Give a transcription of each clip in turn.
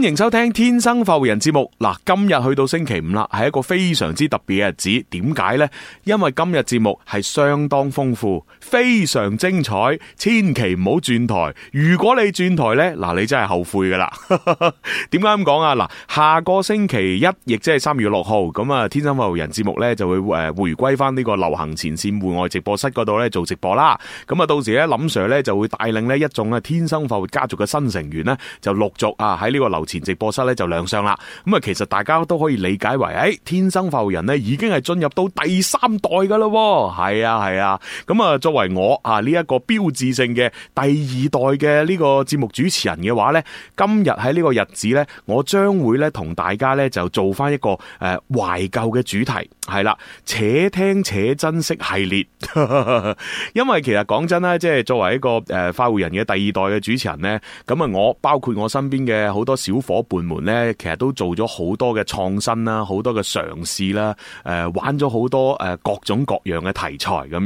歡迎收聽《天生育人》節目。嗱，今日去到星期五啦，係一個非常之特別嘅日子。點解呢？因為今日節目係相當豐富，非常精彩。千祈唔好轉台。如果你轉台呢，嗱，你真係後悔噶啦。點解咁講啊？嗱，下個星期一，亦即係三月六號，咁啊，《天生育人》節目呢，就會誒回歸翻呢個流行前線戶外直播室嗰度呢做直播啦。咁啊，到時呢，林 Sir 呢就會帶領呢一眾啊《天生富育人》家族嘅新成員呢，就陸續啊喺呢個流。前直播室咧就亮相啦，咁啊，其實大家都可以理解為誒、哎，天生發狐人咧已經係進入到第三代噶咯，係啊係啊，咁啊，作為我啊呢一、這個標誌性嘅第二代嘅呢個節目主持人嘅話咧，今日喺呢個日子咧，我將會咧同大家咧就做翻一個誒、呃、懷舊嘅主題，係啦、啊，且聽且珍惜系列， 因為其實講真啦，即係作為一個誒發狐人嘅第二代嘅主持人咧，咁啊，我包括我身邊嘅好多小。伙伴們咧，其實都做咗好多嘅創新啦，好多嘅嘗試啦，誒、呃，玩咗好多誒、呃、各種各樣嘅題材咁樣。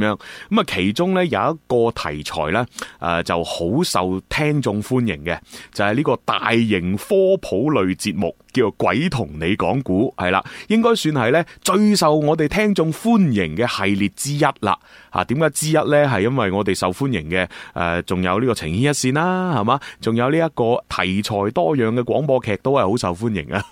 咁啊，其中咧有一個題材咧，誒、呃，就好受聽眾歡迎嘅，就係、是、呢個大型科普類節目，叫做《鬼同你講古》，係啦，應該算係咧最受我哋聽眾歡迎嘅系列之一啦。吓、啊，點解之一咧？係因為我哋受歡迎嘅，誒、呃，仲有呢個情牽一線啦，係嘛，仲有呢一個題材多樣嘅廣。播劇都係好受歡迎啊，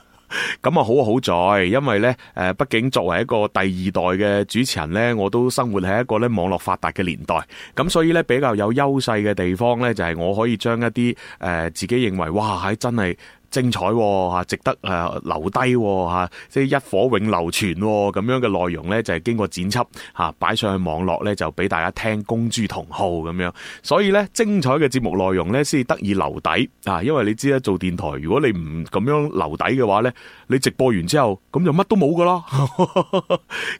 咁啊好好在，因為呢，誒，畢竟作為一個第二代嘅主持人呢，我都生活喺一個呢網絡發達嘅年代，咁所以呢，比較有優勢嘅地方呢，就係我可以將一啲誒、呃、自己認為哇，係、欸、真係。精彩喎嚇，值得誒留低喎嚇，即係一火永流傳咁樣嘅內容咧，就係經過剪輯嚇擺上去網絡咧，就俾大家聽，公諸同好咁樣。所以咧，精彩嘅節目內容咧，先得以留底啊！因為你知啦，做電台如果你唔咁樣留底嘅話咧，你直播完之後咁就乜都冇噶啦。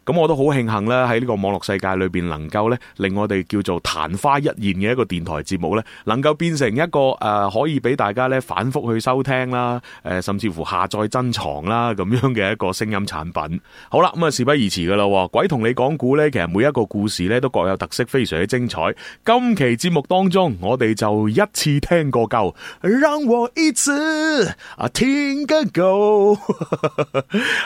咁我都好慶幸啦，喺呢個網絡世界裏邊，能夠咧令我哋叫做曇花一現嘅一個電台節目咧，能夠變成一個誒可以俾大家咧反覆去收聽啦。啊！誒，甚至乎下載珍藏啦咁樣嘅一個聲音產品。好啦，咁啊，事不宜遲噶啦。鬼同你講古呢，其實每一個故事呢都各有特色，非常之精彩。今期節目當中，我哋就一次聽過夠，讓我一次啊聽個夠。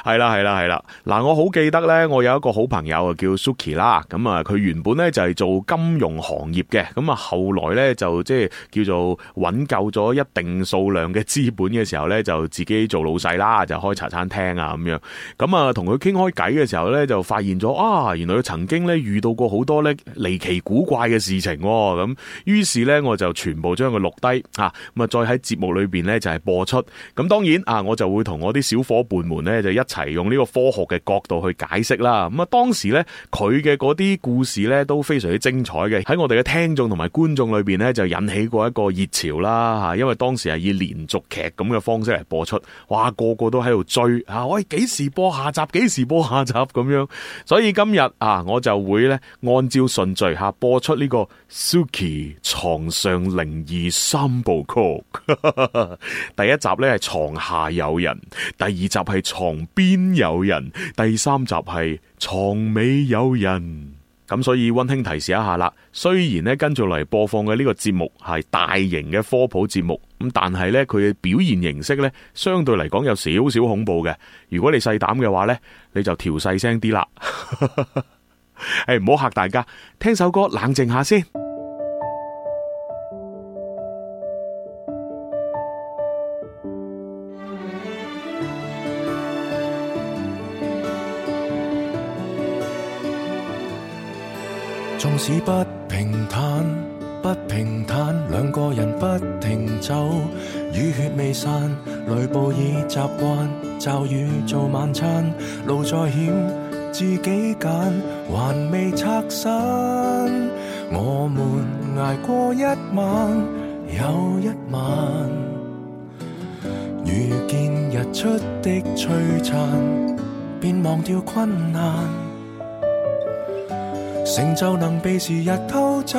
係 啦，係啦，係啦。嗱，我好記得咧，我有一個好朋友叫 Suki 啦。咁啊，佢原本咧就係做金融行業嘅，咁啊，後來咧就即係叫做穩夠咗一定數量嘅資本嘅。時候咧就自己做老細啦，就開茶餐廳啊咁樣。咁啊同佢傾開偈嘅時候咧，就發現咗啊，原來佢曾經咧遇到過好多咧離奇古怪嘅事情。咁、啊、於是咧我就全部將佢錄低吓，咁啊再喺節目裏邊咧就係、是、播出。咁、啊、當然啊，我就會同我啲小伙伴們咧就一齊用呢個科學嘅角度去解釋啦。咁啊當時咧佢嘅嗰啲故事咧都非常之精彩嘅，喺我哋嘅聽眾同埋觀眾裏邊咧就引起過一個熱潮啦。吓、啊，因為當時係以連續劇咁。咁嘅方式嚟播出，哇，個個都喺度追啊！我幾時播下集？幾時播下集？咁樣，所以今日啊，我就會咧按照順序吓、啊、播出呢個 Suki 床上靈異三部曲。 第一集咧係床下有人，第二集係床邊有人，第三集係床尾有人。咁所以温馨提示一下啦，雖然咧跟住嚟播放嘅呢個節目係大型嘅科普節目。咁但係咧，佢嘅表現形式咧，相對嚟講有少少恐怖嘅。如果你細膽嘅話咧，你就調細聲啲啦。誒，唔好吓大家，聽首歌冷靜下先。縱使不平坦，不停嘆，兩個人不停走，雨血未散，雷暴已習慣。驟雨做晚餐，路再險自己揀，還未拆散，我們捱過一晚又一晚，遇見日出的璀璨，便忘掉困難。成就能被時日偷走。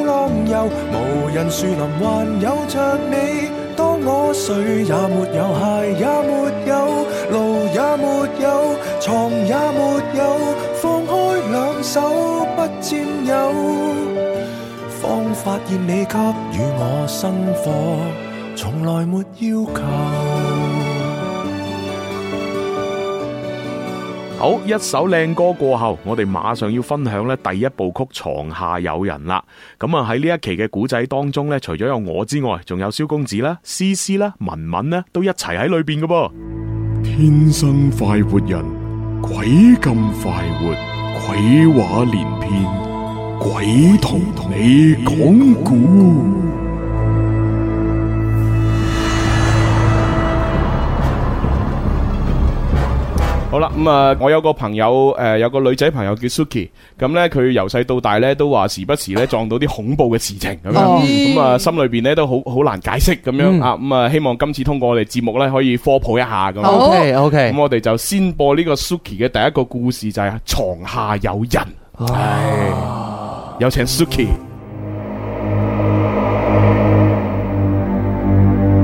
無人樹林還有着你，當我誰，也沒有鞋也沒有，路也沒有，床也沒有，放開兩手不佔有，方發現你給予我生活，從來沒要求。好，一首靚歌過後，我哋馬上要分享咧第一部曲《床下有人》啦。咁啊喺呢一期嘅古仔當中咧，除咗有我之外，仲有蕭公子啦、詩詩啦、文文咧，都一齊喺裏邊嘅噃。天生快活人，鬼咁快活，鬼話連篇，鬼同，同你講古。好啦，咁、嗯、啊，uh, 我有個朋友，誒、uh,，有個女仔朋友叫 Suki，咁、啊、咧佢由細到大咧都話時不時咧撞到啲恐怖嘅事情咁、哦嗯嗯、樣，咁啊心裏邊咧都好好難解釋咁樣啊，咁、嗯、啊希望今次通過我哋節目咧可以科普一下咁，OK OK，咁我哋就先播呢個 Suki 嘅第一個故事就係、是、床下有人，哦、有請 Suki，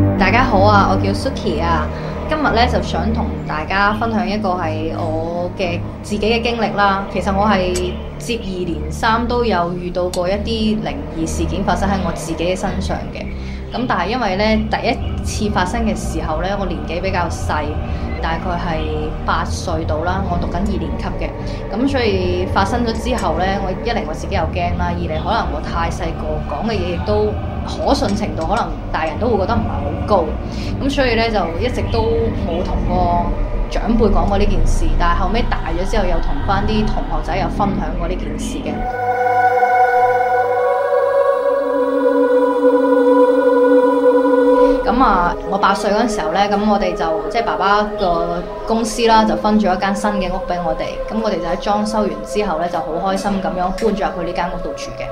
噢大家好啊，我叫 Suki 啊。今日咧就想同大家分享一個係我嘅自己嘅經歷啦。其實我係接二連三都有遇到過一啲靈異事件發生喺我自己嘅身上嘅。咁但係因為咧第一次發生嘅時候咧，我年紀比較細，大概係八歲到啦，我讀緊二年級嘅，咁所以發生咗之後咧，我一嚟我自己又驚啦，二嚟可能我太細個，講嘅嘢亦都可信程度可能大人都會覺得唔係好高，咁所以咧就一直都冇同個長輩講過呢件事，但係後尾大咗之後又同翻啲同學仔又分享過呢件事嘅。咁啊，我八歲嗰陣時候咧，咁我哋就即係、就是、爸爸個公司啦，就分咗一間新嘅屋俾我哋。咁我哋就喺裝修完之後咧，就好開心咁樣搬咗入去呢間屋度住嘅。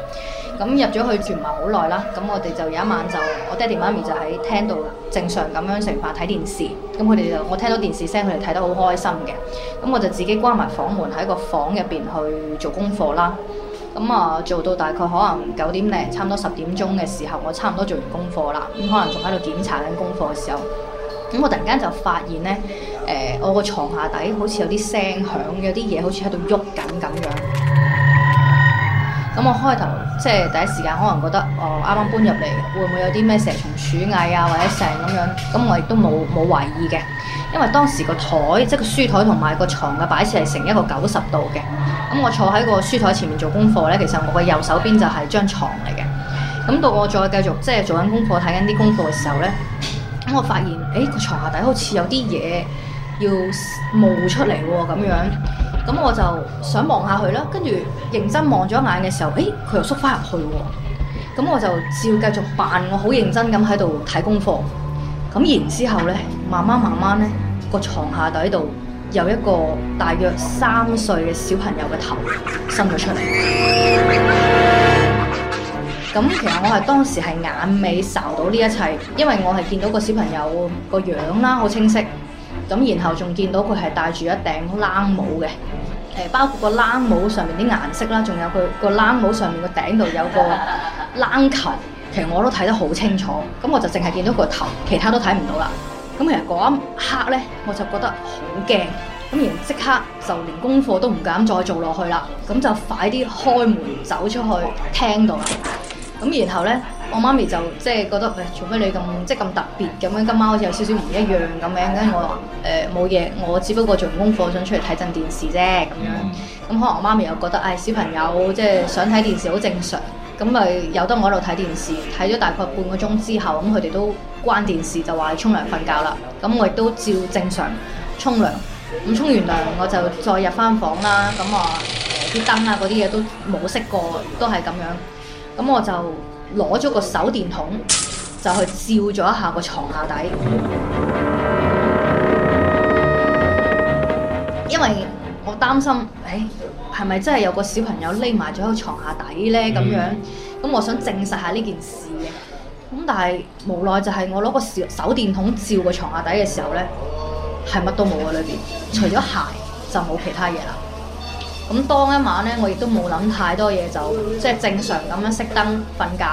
咁入咗去住唔係好耐啦，咁我哋就有一晚就我爹哋媽咪就喺廳度正常咁樣食飯睇電視。咁佢哋就我聽到電視聲，佢哋睇得好開心嘅。咁我就自己關埋房門喺個房入邊去做功課啦。咁啊、嗯，做到大概可能九點零，差唔多十點鐘嘅時候，我差唔多做完功課啦。咁、嗯、可能仲喺度檢查緊功課嘅時候，咁、嗯、我突然間就發現咧，誒、呃，我個床下底好似有啲聲響，有啲嘢好似喺度喐緊咁樣。咁我開頭即係第一時間，可能覺得，哦，啱啱搬入嚟，會唔會有啲咩蛇蟲鼠蟻啊，或者成咁樣？咁我亦都冇冇懷疑嘅，因為當時個台，即係個書台同埋個床嘅擺設係成一個九十度嘅。咁我坐喺個書台前面做功課呢，其實我嘅右手邊就係張床嚟嘅。咁到我再繼續即係做緊功課，睇緊啲功課嘅時候呢，咁我發現，誒，欸，個床下底好似有啲嘢要冒出嚟喎，哦，咁樣。咁我就想望下佢啦，跟住認真望咗眼嘅時候，誒、欸、佢又縮翻入去喎。咁我就照繼續扮，我好認真咁喺度睇功課。咁然之後呢，慢慢慢慢呢，個床下底度有一個大約三歲嘅小朋友嘅頭伸咗出嚟。咁其實我係當時係眼尾睄到呢一切，因為我係見到個小朋友個樣啦，好清晰。咁然後仲見到佢係戴住一頂冷帽嘅。包括個冷帽上面啲顏色啦，仲有佢個冷帽上面個頂度有個冷球。其實我都睇得好清楚。咁我就淨係見到個頭，其他都睇唔到啦。咁其實嗰一刻呢，我就覺得好驚。咁然即刻就連功課都唔敢再做落去啦。咁就快啲開門走出去聽到啦。咁然後呢，我媽咪就即係覺得誒，除、哎、非你咁即係咁特別咁樣，今晚好似有少少唔一樣咁樣。跟住我話冇嘢，我只不過做完功課，想出嚟睇陣電視啫咁樣。咁、嗯嗯、可能我媽咪又覺得唉、哎，小朋友即係想睇電視好正常。咁咪由得我喺度睇電視，睇咗大概半個鐘之後，咁佢哋都關電視，就話沖涼瞓覺啦。咁、嗯、我亦都照正常沖涼。咁沖、嗯、完涼我就再入翻房啦。咁、嗯嗯嗯、啊啲燈啊嗰啲嘢都冇熄過，都係咁樣。咁我就攞咗個手電筒，就去照咗一下個床下底，mm hmm. 因為我擔心，誒、哎，係咪真係有個小朋友匿埋咗喺床下底呢？咁、mm hmm. 樣，咁我想證實下呢件事嘅。咁但係無奈就係我攞個手手電筒照個床下底嘅時候呢，係乜都冇喎，裏邊，除咗鞋就冇其他嘢啦。咁當一晚咧，我亦都冇諗太多嘢，就即係正常咁樣熄燈瞓覺。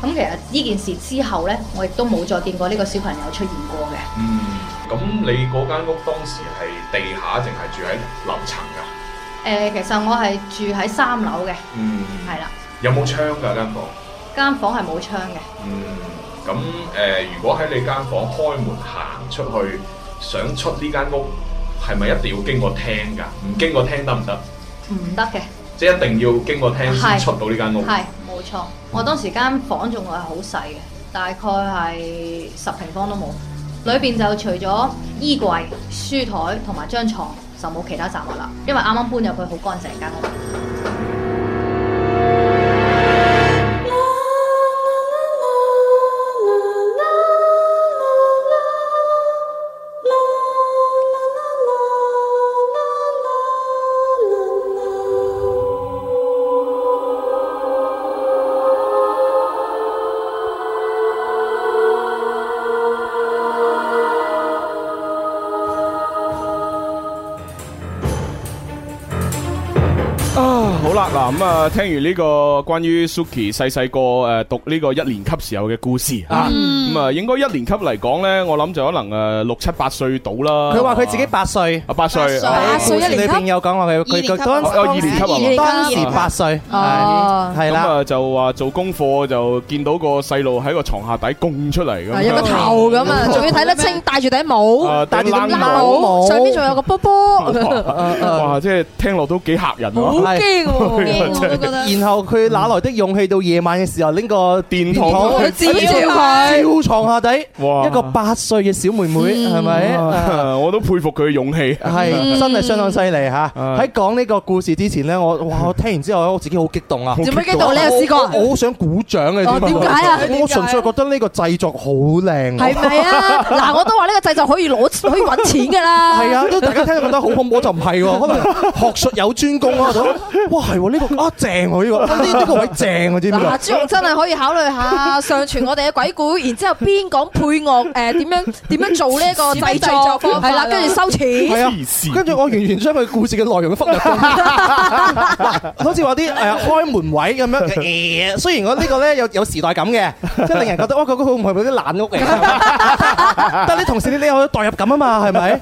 咁其實呢件事之後咧，我亦都冇再見過呢個小朋友出現過嘅。嗯，咁你嗰間屋當時係地下定係住喺樓層噶？誒、呃，其實我係住喺三樓嘅。嗯，係啦了。有冇窗噶間房？間房係冇窗嘅。嗯，咁誒、呃，如果喺你間房開門行出去，想出呢間屋，係咪一定要經過廳㗎？唔經過廳得唔得？唔得嘅，即係一定要經過廳先出到呢間屋。係冇錯，我當時間房仲係好細嘅，大概係十平方都冇，裏邊就除咗衣櫃、書枱同埋張床，就冇其他雜物啦。因為啱啱搬入去乾淨，好乾淨間屋。咁啊，聽完呢個關於 Suki 細細個誒讀呢個一年級時候嘅故事啊，咁啊，應該一年級嚟講咧，我諗就可能誒六七八歲到啦。佢話佢自己八歲，啊八歲，八歲一年級。我哋朋友講話佢佢當時，我二年級啊，當時八歲，係咁啊，就話做功課就見到個細路喺個床下底供出嚟咁啊，有個頭咁啊，仲要睇得清，戴住頂帽，戴住頂帽，上邊仲有個波波，哇，即係聽落都幾嚇人咯，好驚。然後佢哪來的勇氣到夜晚嘅時候拎個電筒照床下底？哇！一個八歲嘅小妹妹係咪？我都佩服佢嘅勇氣，係真係相當犀利吓。喺講呢個故事之前咧，我哇！我聽完之後我自己好激動啊！做乜激動？你有試過？我想鼓掌啊！點解啊？我純粹覺得呢個製作好靚，係咪啊？嗱，我都話呢個製作可以攞可以搵錢噶啦。係啊，都大家聽覺得好恐怖，就唔係。可能學術有專攻咯，哇！係呢個。哦，正喎呢個呢個位正喎，知唔知？嗱，朱融真係可以考慮下上傳我哋嘅鬼故，然之後邊講配樂誒點樣點樣做呢一個底製作，係啦，跟住收錢，跟住我完全將佢故事嘅內容複製，好似話啲誒開門位咁樣。雖然我呢個咧有有時代感嘅，即係令人覺得哦，佢好唔係嗰啲爛屋嚟。但係啲同事你你有代入感啊嘛，係咪？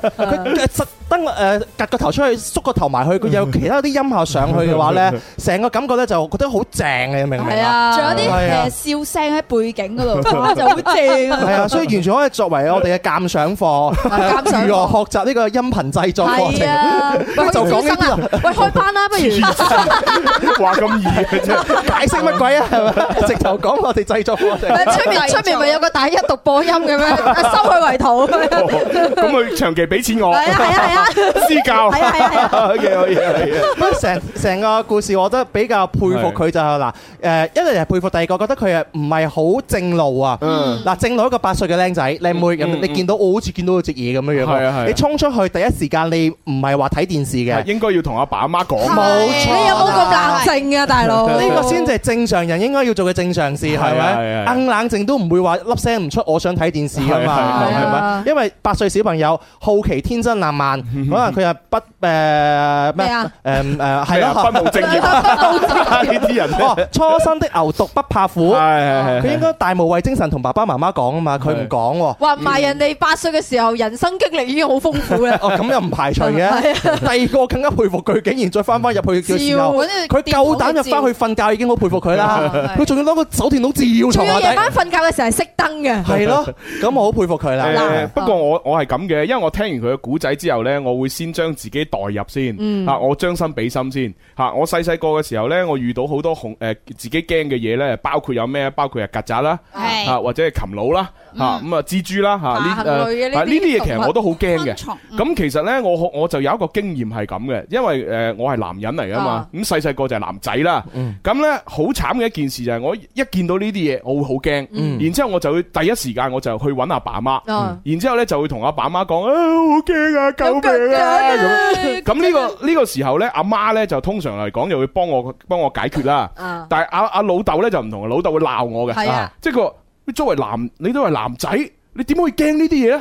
登誒夾個頭出去，縮個頭埋去，佢有其他啲音效上去嘅話咧，成個感覺咧就覺得好正嘅，你明唔明啊？係啊，仲有啲誒笑聲喺背景嗰度，就好正啊！係啊，所以完全可以作為我哋嘅鑑賞課，鑑賞哦，如何學習呢個音頻製作課程係啊，就講呢度，喂，開班啦，不如話咁易嘅啫，解釋乜鬼啊？係咪？直頭講我哋製作課程，出面出面咪有個大一讀播音噉樣？收佢為徒，咁佢長期俾錢我係啊係啊！私教，OK OK，成成個故事，我覺得比較佩服佢就係嗱，誒，一人係佩服，第二個覺得佢誒唔係好正路啊。嗱，正路一個八歲嘅僆仔，你唔會，你見到我好似見到隻嘢咁樣樣，你衝出去第一時間你唔係話睇電視嘅，應該要同阿爸阿媽講，冇錯，你有冇咁冷靜啊，大佬？呢個先至係正常人應該要做嘅正常事，係咪？硬冷靜都唔會話粒聲唔出，我想睇電視㗎嘛，係咪？因為八歲小朋友好奇、天真爛漫。可能佢又不誒咩啊？誒誒係啊，不務正業，呢啲人哇！初生的牛犢不怕虎，係佢應該大無畏精神同爸爸媽媽講啊嘛，佢唔講喎。話唔埋人哋八歲嘅時候，人生經歷已經好豐富啦。咁又唔排除嘅。第二個更加佩服佢，竟然再翻翻入去，佢夠膽入翻去瞓覺，已經好佩服佢啦。佢仲要攞個手電筒照床底，夜晚瞓覺嘅時候係熄燈嘅。係咯，咁我好佩服佢啦。不過我我係咁嘅，因為我聽完佢嘅故仔之後咧。我會先將自己代入先，吓，我將心比心先，吓，我細細個嘅時候呢，我遇到好多恐誒自己驚嘅嘢呢，包括有咩？包括係曱甴啦，吓或者係禽佬啦，吓咁啊蜘蛛啦吓呢，呢啲嘢其實我都好驚嘅。咁其實呢，我我就有一個經驗係咁嘅，因為誒我係男人嚟噶嘛，咁細細個就係男仔啦。咁呢，好慘嘅一件事就係我一見到呢啲嘢我會好驚，然之後我就會第一時間我就去揾阿爸阿媽，然之後咧就會同阿爸阿媽講啊好驚啊，救咁呢個呢個時候呢，阿媽呢就通常嚟講又會幫我幫我解決啦。啊、但係阿阿老豆呢就唔同，老豆會鬧我嘅。係即係個你作為男，你都係男仔。你點會驚呢啲嘢咧？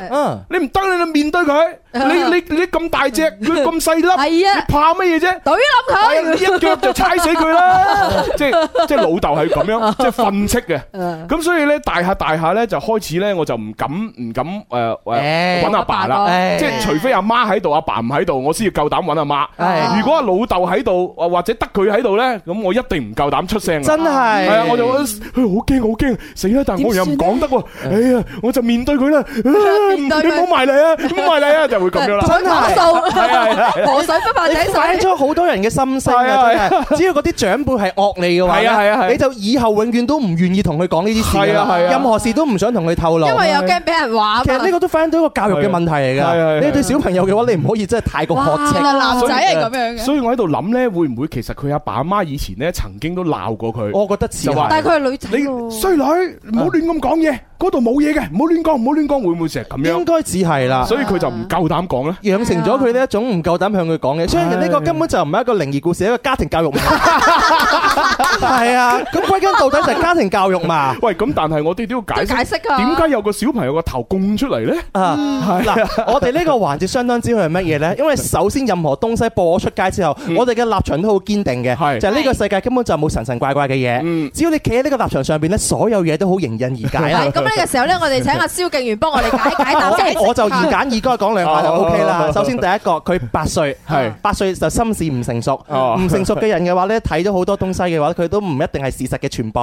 你唔得，你去面對佢，你你你咁大隻，佢咁細粒，你怕乜嘢啫？懟冧佢，一腳就踩死佢啦！即係即係老豆係咁樣，即係訓斥嘅。咁所以咧，大下大下咧就開始咧，我就唔敢唔敢誒揾阿爸啦。即係除非阿媽喺度，阿爸唔喺度，我先要夠膽揾阿媽。如果阿老豆喺度，或者得佢喺度咧，咁我一定唔夠膽出聲。真係係啊！我就我好驚，好驚死啦！但係我又唔講得喎。哎呀，我就面。唔對佢啦，唔對佢，唔好埋你啊，唔好埋你啊，就會咁樣啦。想鬧數，係係河水不發底，反映出好多人嘅心聲。啊，只要嗰啲長輩係惡你嘅話，係啊係啊係，你就以後永遠都唔願意同佢講呢啲事係啊係啊，任何事都唔想同佢透露。因為又驚俾人話。其實呢個都反映到一個教育嘅問題嚟噶。你對小朋友嘅話，你唔可以真係太過苛責。男仔係咁樣嘅。所以我喺度諗咧，會唔會其實佢阿爸阿媽以前咧曾經都鬧過佢？我覺得似。但佢係女仔。你衰女，唔好亂咁講嘢。嗰度冇嘢嘅，唔好亂講，唔好亂講，會唔會成日咁樣？應該只係啦，所以佢就唔夠膽講咧。養成咗佢呢一種唔夠膽向佢講嘅，所以呢個根本就唔係一個靈異故事，一個家庭教育。係啊，咁歸根到底就係家庭教育嘛。喂，咁但係我哋都要解釋，點解有個小朋友個頭供出嚟呢？啊，係啦，我哋呢個環節相當之係乜嘢呢？因為首先任何東西播咗出街之後，我哋嘅立場都好堅定嘅，就係呢個世界根本就冇神神怪怪嘅嘢。只要你企喺呢個立場上邊呢，所有嘢都好迎刃而解啦。呢個時候咧，我哋請阿蕭敬源幫我哋解解答。我就二簡二該講兩話就 OK 啦。首先第一個，佢八歲，係八歲就心智唔成熟。唔成熟嘅人嘅話咧，睇咗好多東西嘅話，佢都唔一定係事實嘅全部。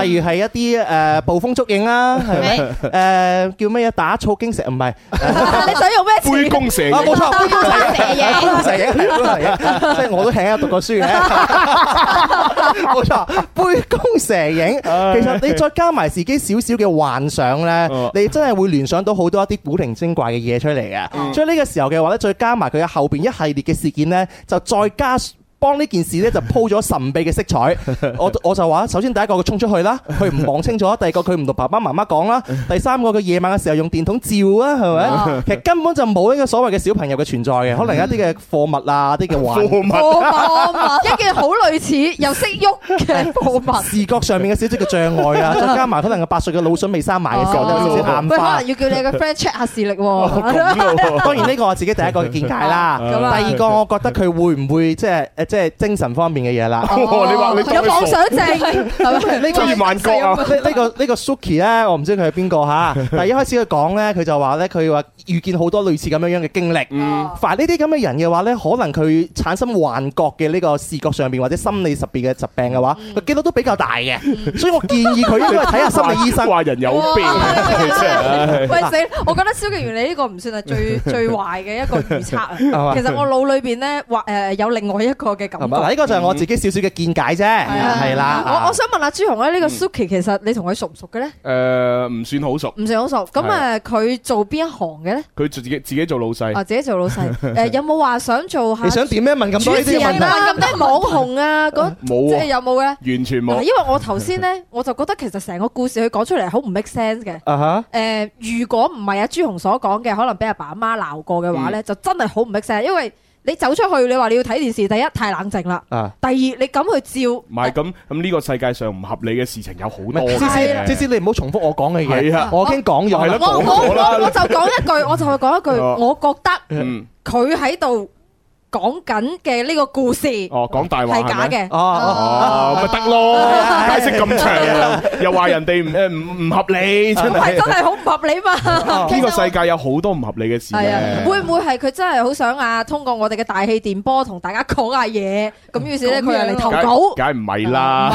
例如係一啲誒捕風捉影啦，係咪誒叫咩嘢打草驚蛇？唔係你想用咩詞？杯弓蛇影，冇錯，杯弓蛇影，杯弓蛇影即係我都係啊，讀過書嘅。冇錯，杯弓蛇影。其實你再加埋自己少少嘅。幻想呢，你真係會聯想到好多一啲古靈精怪嘅嘢，出嚟嘅，所以呢個時候嘅話呢，再加埋佢嘅後邊一系列嘅事件呢，就再加。幫呢件事咧就鋪咗神秘嘅色彩，我我就話：首先第一個佢衝出去啦，佢唔望清楚；第二個佢唔同爸爸媽媽講啦；第三個佢夜晚嘅時候用電筒照啊，係咪？其實根本就冇呢個所謂嘅小朋友嘅存在嘅，可能一啲嘅貨物啊，啲嘅玩貨物，一件好類似又識喐嘅貨物，視覺上面嘅小啲嘅障礙啊，再加埋可能個八歲嘅腦囟未生埋嘅時候都有啲眼花，可能要叫你個 friend check 下視力喎。當然呢個我自己第一個嘅見解啦，第二個我覺得佢會唔會即係即係精神方面嘅嘢啦，有妄想症，呢個呢個呢個 Suki 咧，我唔知佢係邊個吓，但係一開始佢講咧，佢就話咧，佢話遇見好多類似咁樣樣嘅經歷，凡呢啲咁嘅人嘅話咧，可能佢產生幻覺嘅呢個視覺上邊或者心理上邊嘅疾病嘅話，佢幾率，都比較大嘅。所以我建議佢應該睇下心理醫生。怪人有病，喂死係。我覺得蕭敬元你呢個唔算係最最壞嘅一個預測，其實我腦裏邊咧，或誒有另外一個。呢個就係我自己少少嘅見解啫，係啦。我我想問阿朱紅咧，呢個 Suki 其實你同佢熟唔熟嘅咧？誒，唔算好熟，唔算好熟。咁誒，佢做邊一行嘅咧？佢自己自己做老細。啊，自己做老細。誒，有冇話想做下？你想點樣問咁多呢啲問題？咁多網紅啊，冇即係有冇嘅？完全冇。因為我頭先咧，我就覺得其實成個故事佢講出嚟好唔 make sense 嘅。啊哈。誒，如果唔係阿朱紅所講嘅，可能俾阿爸阿媽鬧過嘅話咧，就真係好唔 make sense，因為你走出去，你話你要睇電視，第一太冷靜啦，啊、第二你咁去照，唔係咁咁呢個世界上唔合理嘅事情有好多，我意思，對 你唔好重複我講嘅嘢，是啊、我已經講咗我，我我我我就講一句，我就係講一句， 我覺得佢喺度。講緊嘅呢個故事哦，講大話係假嘅哦，咪得咯，解釋咁長，又話人哋唔唔合理，真係真係好唔合理嘛！呢個世界有好多唔合理嘅事。係啊，會唔會係佢真係好想啊？通過我哋嘅大氣電波同大家講下嘢，咁於是咧佢嚟投稿，梗唔係啦，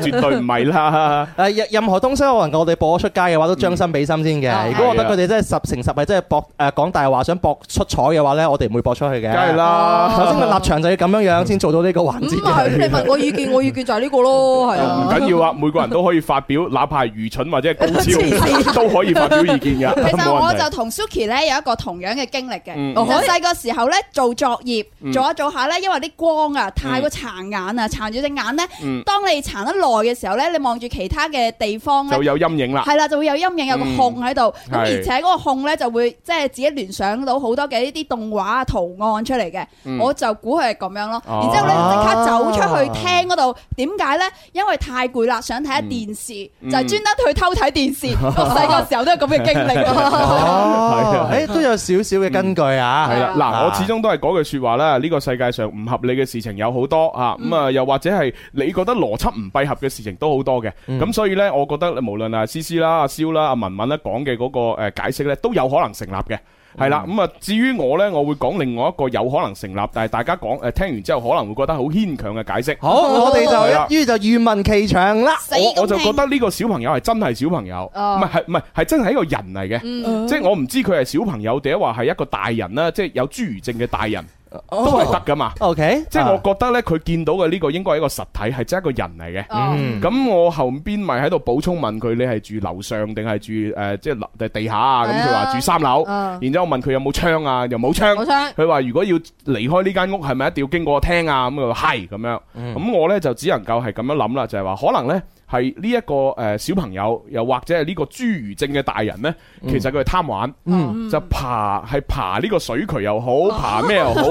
絕對唔係啦。誒，任何東西可能我哋播出街嘅話，都將心比心先嘅。如果我覺得佢哋真係十成十係真係博誒講大話，想博出彩嘅話咧，我哋唔會播出去嘅。梗係啦。首先個立場就要咁樣樣先做到呢個環節、嗯。咁啊係，你問我意見，我意見就、嗯、係呢個咯，係啊。唔緊要啊，每個人都可以發表，哪怕係愚蠢或者係高超都可以發表意見㗎。其實我就同 Suki 咧有一個同樣嘅經歷嘅。我細個時候咧做作業，做一做下咧，因為啲光啊太過殘眼啊，殘住隻眼咧。嗯。當你殘得耐嘅時候咧，你望住其他嘅地方咧，就有陰影啦。係啦，就會有陰影，有個控喺度。咁而且嗰個控咧就會即係自己聯想到好多嘅呢啲動畫啊、圖案出嚟嘅。我就估佢係咁樣咯，然之後咧即刻走出去廳嗰度，點解呢？因為太攰啦，想睇下電視，就專登去偷睇電視。 我細個時候都係咁嘅經歷。都有少少嘅根據啊。係啦、嗯，嗱、嗯，我始終都係嗰句說話啦。呢、呢個世界上唔合理嘅事情有好多啊，咁啊，又或者係你覺得邏輯唔閉合嘅事情都好多嘅。咁、嗯、所以呢，我覺得無論阿思思啦、阿蕭啦、阿、啊、文文咧講嘅嗰個誒解釋呢，都有可能成立嘅。係啦，咁啊，嗯、至於我呢，我會講另外一個有可能成立，但係大家講誒、呃，聽完之後可能會覺得好牽強嘅解釋。好、哦，哦、我哋就一於就願聞其詳啦糕我。我就覺得呢個小朋友係真係小朋友，唔係係唔係係真係一個人嚟嘅，嗯、即係我唔知佢係小朋友，定係話係一個大人啦，即係有侏儒症嘅大人。嗯都係得噶嘛？OK，即係我覺得呢，佢見到嘅呢個應該係一個實體，係真一個人嚟嘅。咁、嗯、我後邊咪喺度補充問佢：你係住樓上定係住誒？即係樓地下啊？咁佢話住三樓，嗯、然之後我問佢有冇窗啊？又冇窗。佢話如果要離開呢間屋，係咪一定要經過個廳啊？咁佢話係咁樣。咁、嗯、我呢就只能夠係咁樣諗啦，就係、是、話可能呢。係呢一個誒小朋友，又或者係呢個侏儒症嘅大人呢，其實佢係貪玩，嗯、就爬係爬呢個水渠又好，爬咩又好，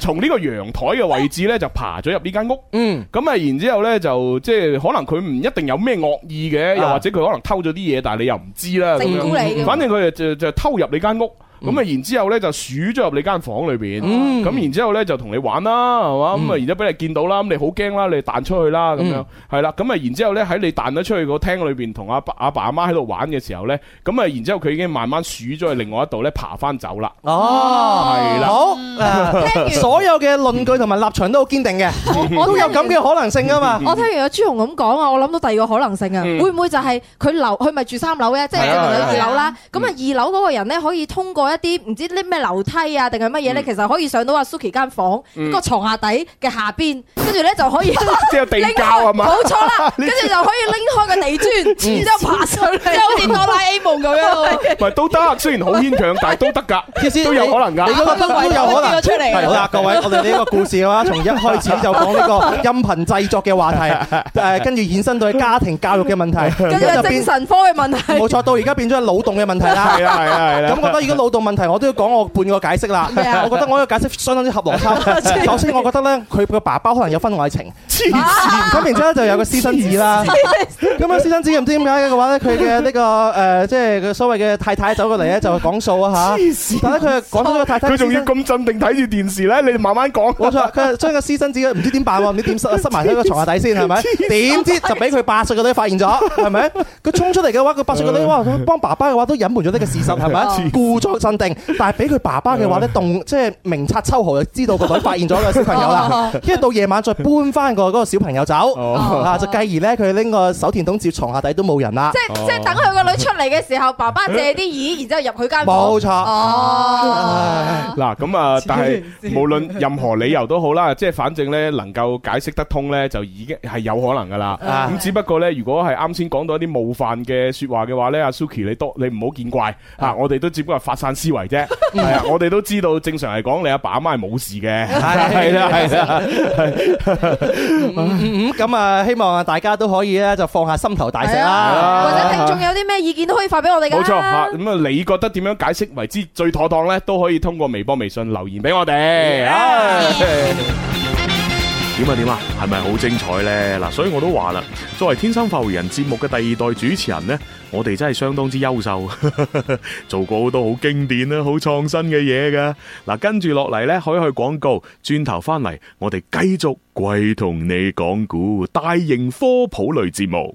從呢個陽台嘅位置呢，就爬咗入呢間屋。咁啊、嗯，然之後呢，就即係可能佢唔一定有咩惡意嘅，又或者佢可能偷咗啲嘢，但係你又唔知啦。咁樣、啊、反正佢就就偷入你間屋。咁啊，然之後咧就鼠咗入你間房裏邊，咁然之後咧就同你玩啦，係嘛？咁啊，然之後俾你見到啦，咁你好驚啦，你彈出去啦，咁樣係啦。咁啊，然之後咧喺你彈咗出去個廳裏邊，同阿爸阿爸阿媽喺度玩嘅時候咧，咁啊，然之後佢已經慢慢鼠咗去另外一度咧，爬翻走啦。哦，係啦，好，所有嘅論據同埋立場都好堅定嘅，我都有咁嘅可能性㗎嘛。我聽完阿朱紅咁講啊，我諗到第二個可能性啊，會唔會就係佢樓佢咪住三樓嘅，即係住二樓啦？咁啊，二樓嗰個人咧可以通過。一啲唔知啲咩樓梯啊，定係乜嘢咧？其實可以上到阿 Suki 間房個床下底嘅下邊，跟住咧就可以即係地膠啊嘛，冇錯啦。跟住就可以拎開個地磚，然之後爬上去，即係好似哆啦 A 夢咁樣。唔係都得，雖然好牽強，但係都得㗎，都有可能㗎。你覺得都有可能出嚟。好啦，各位，我哋呢個故事嘅話，從一開始就講呢個音頻製作嘅話題，跟住延伸到家庭教育嘅問題，跟住就變精神科嘅問題。冇錯，到而家變咗腦洞嘅問題啦。係啦，係啦，咁我覺得而家腦洞。問題我都要講我半個解釋啦，我覺得我嘅解釋相當之合邏輯。首先，我覺得咧，佢個爸爸可能有婚外情。黐線。咁然之後咧就有個私生子啦。咁樣私生子唔知點解嘅話咧，佢嘅呢個誒，即係佢所謂嘅太太走過嚟咧，就係講數啊嚇。黐線。但係佢講到個太太。佢仲要咁鎮定睇住電視咧？你慢慢講。冇錯，佢將個私生子唔知點辦喎？唔知點塞塞埋喺個牀下底先係咪？黐線。點知就俾佢八歲嘅女發現咗係咪？佢衝出嚟嘅話，佢八歲嘅女哇，幫爸爸嘅話都隱瞞咗呢個事實係咪？故作定，但係俾佢爸爸嘅話咧，動即係明察秋毫，就知道個女發現咗個小朋友啦。跟住到夜晚再搬翻個嗰個小朋友走，啊，就繼而咧，佢拎個手電筒照牀下底都冇人啦。即係即係等佢個女出嚟嘅時候，爸爸借啲椅，然之後入佢間房。冇錯。嗱，咁啊，但係無論任何理由都好啦，即係反正咧能夠解釋得通咧，就已經係有可能噶啦。咁只不過咧，如果係啱先講到一啲冒犯嘅說話嘅話咧，阿 Suki 你多你唔好見怪啊！我哋都只不過發散。思維啫，係啊！ 我哋都知道，正常嚟講，你阿爸阿媽係冇事嘅。係啦，係啦，係。咁啊，希望大家都可以咧，就放下心頭大石啦。的啊、或者，聽眾有啲咩意見都可以發俾我哋嘅。冇錯啊！咁啊、嗯，你覺得點樣解釋為之最妥當咧？都可以通過微博、微信留言俾我哋。點啊點啊，係咪好精彩咧？嗱，所以我都話啦，作為天生發回人節目嘅第二代主持人咧，我哋真係相當之優秀， 做過好多好經典啦、好創新嘅嘢噶。嗱，跟住落嚟呢，可以去廣告，轉頭翻嚟，我哋繼續跪同你講古大型科普類節目。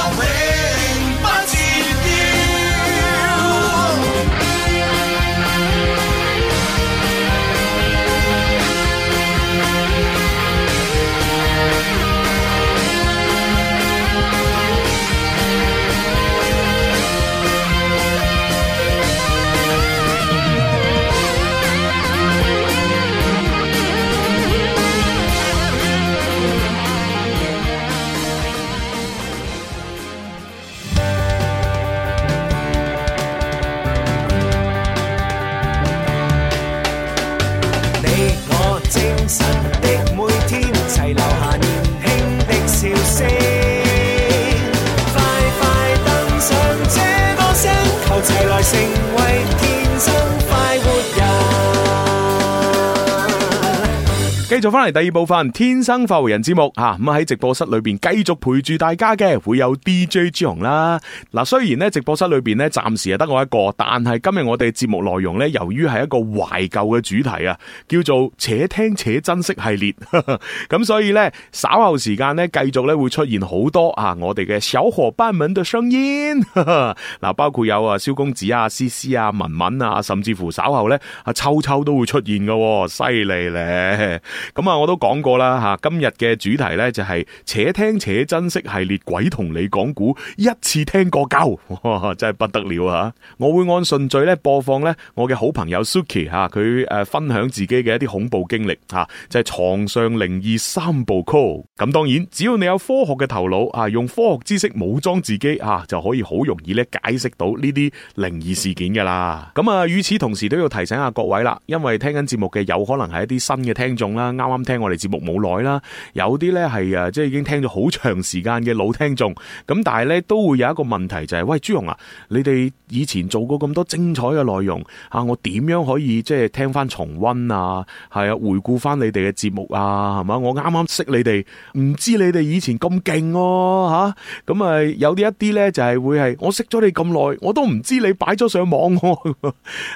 做翻嚟第二部分《天生浮人》節目吓，咁喺直播室裏邊繼續陪住大家嘅，會有 DJ 朱紅啦。嗱，雖然咧直播室裏邊咧暫時係得我一個，但係今日我哋節目內容咧，由於係一個懷舊嘅主題啊，叫做且聽且珍惜系列，咁 所以咧稍後時間咧繼續咧會出現好多啊，我哋嘅小何班文嘅聲音，嗱， 包括有啊蕭公子啊、思思啊、文文啊，甚至乎稍後咧阿秋秋都會出現嘅，哦，犀利咧。咁啊，我都講過啦吓，今日嘅主題呢、就是，就係且聽且珍惜系列，鬼同你講古一次聽過夠， 真係不得了啊！我會按順序咧播放呢我嘅好朋友 Suki 吓，佢誒分享自己嘅一啲恐怖經歷吓，就係、是、床上靈異三部曲。咁當然，只要你有科學嘅頭腦啊，用科學知識武裝自己啊，就可以好容易咧解釋到呢啲靈異事件噶啦。咁啊，與此同時都要提醒下各位啦，因為聽緊節目嘅有可能係一啲新嘅聽眾啦。啱啱聽我哋節目冇耐啦，有啲咧係啊，即係已經聽咗好長時間嘅老聽眾，咁但係咧都會有一個問題就係、是，喂朱紅啊，你哋以前做過咁多精彩嘅內容啊，我點樣可以即係聽翻重溫啊？係啊，回顧翻你哋嘅節目啊，係嘛？我啱啱識你哋，唔知你哋以前咁勁哦，吓咁啊、嗯、有啲一啲咧就係、是、會係，我識咗你咁耐，我都唔知你擺咗上網。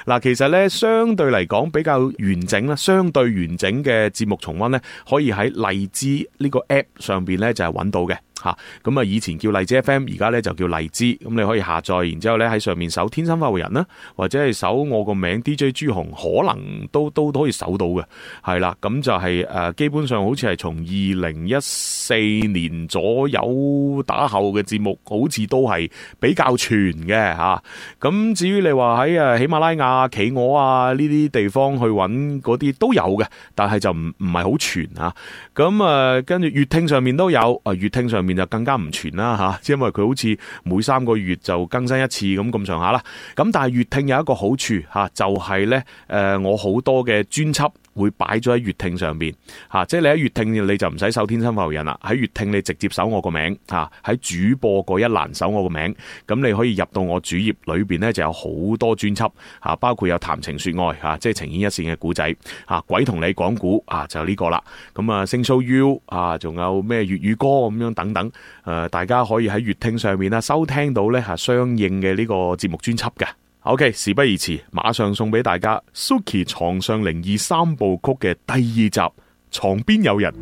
嗱，其實咧相對嚟講比較完整啦，相對完整嘅節。木重溫咧，可以喺荔枝呢個 App 上邊咧就係揾到嘅。嚇，咁啊以前叫荔枝 FM，而家咧就叫荔枝，咁你可以下載，然之後咧喺上面搜天生發匯人啦，或者係搜我個名 DJ 朱紅可能都都都可以搜到嘅，係啦，咁就係、是、誒、呃、基本上好似係從二零一四年左右打後嘅節目，好似都係比較全嘅吓，咁、啊、至於你話喺誒喜馬拉雅、企鵝啊呢啲地方去揾啲都有嘅，但係就唔唔係好全啊，咁啊跟住粵聽上面都有啊，粵聽上面。啊就更加唔全啦吓，即係因為佢好似每三個月就更新一次咁咁上下啦。咁但係粵聽有一個好處吓，就係咧誒我好多嘅專輯。會擺咗喺月聽上邊，吓，即係你喺月聽你就唔使搜天生浮人啦，喺月聽你直接搜我個名，吓，喺主播嗰一欄搜我個名，咁你可以入到我主頁裏邊呢就有好多專輯，吓，包括有談情說愛，吓，即係情牽一線嘅故仔，吓，鬼同你講故，啊，就呢個啦，咁啊，Sing So You，啊，仲有咩粵語歌咁樣等等，誒，大家可以喺月聽上面啦收聽到呢，吓，相應嘅呢個節目專輯嘅。OK，事不宜遲，馬上送俾大家 Suki 床上靈異三部曲嘅第二集《床邊有人》。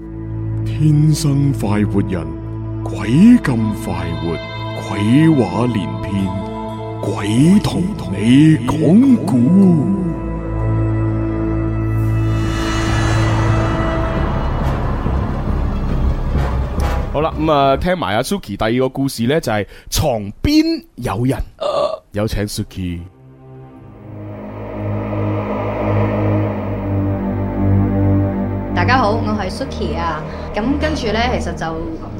天生快活人，鬼咁快活，鬼話連篇，鬼同，同鬼你講古。講古好啦，咁、嗯、啊，聽埋阿 Suki 第二個故事呢，就係、是、床邊有人，呃、有請 Suki。大家好，我係 Suki 啊。咁、嗯、跟住呢，其實就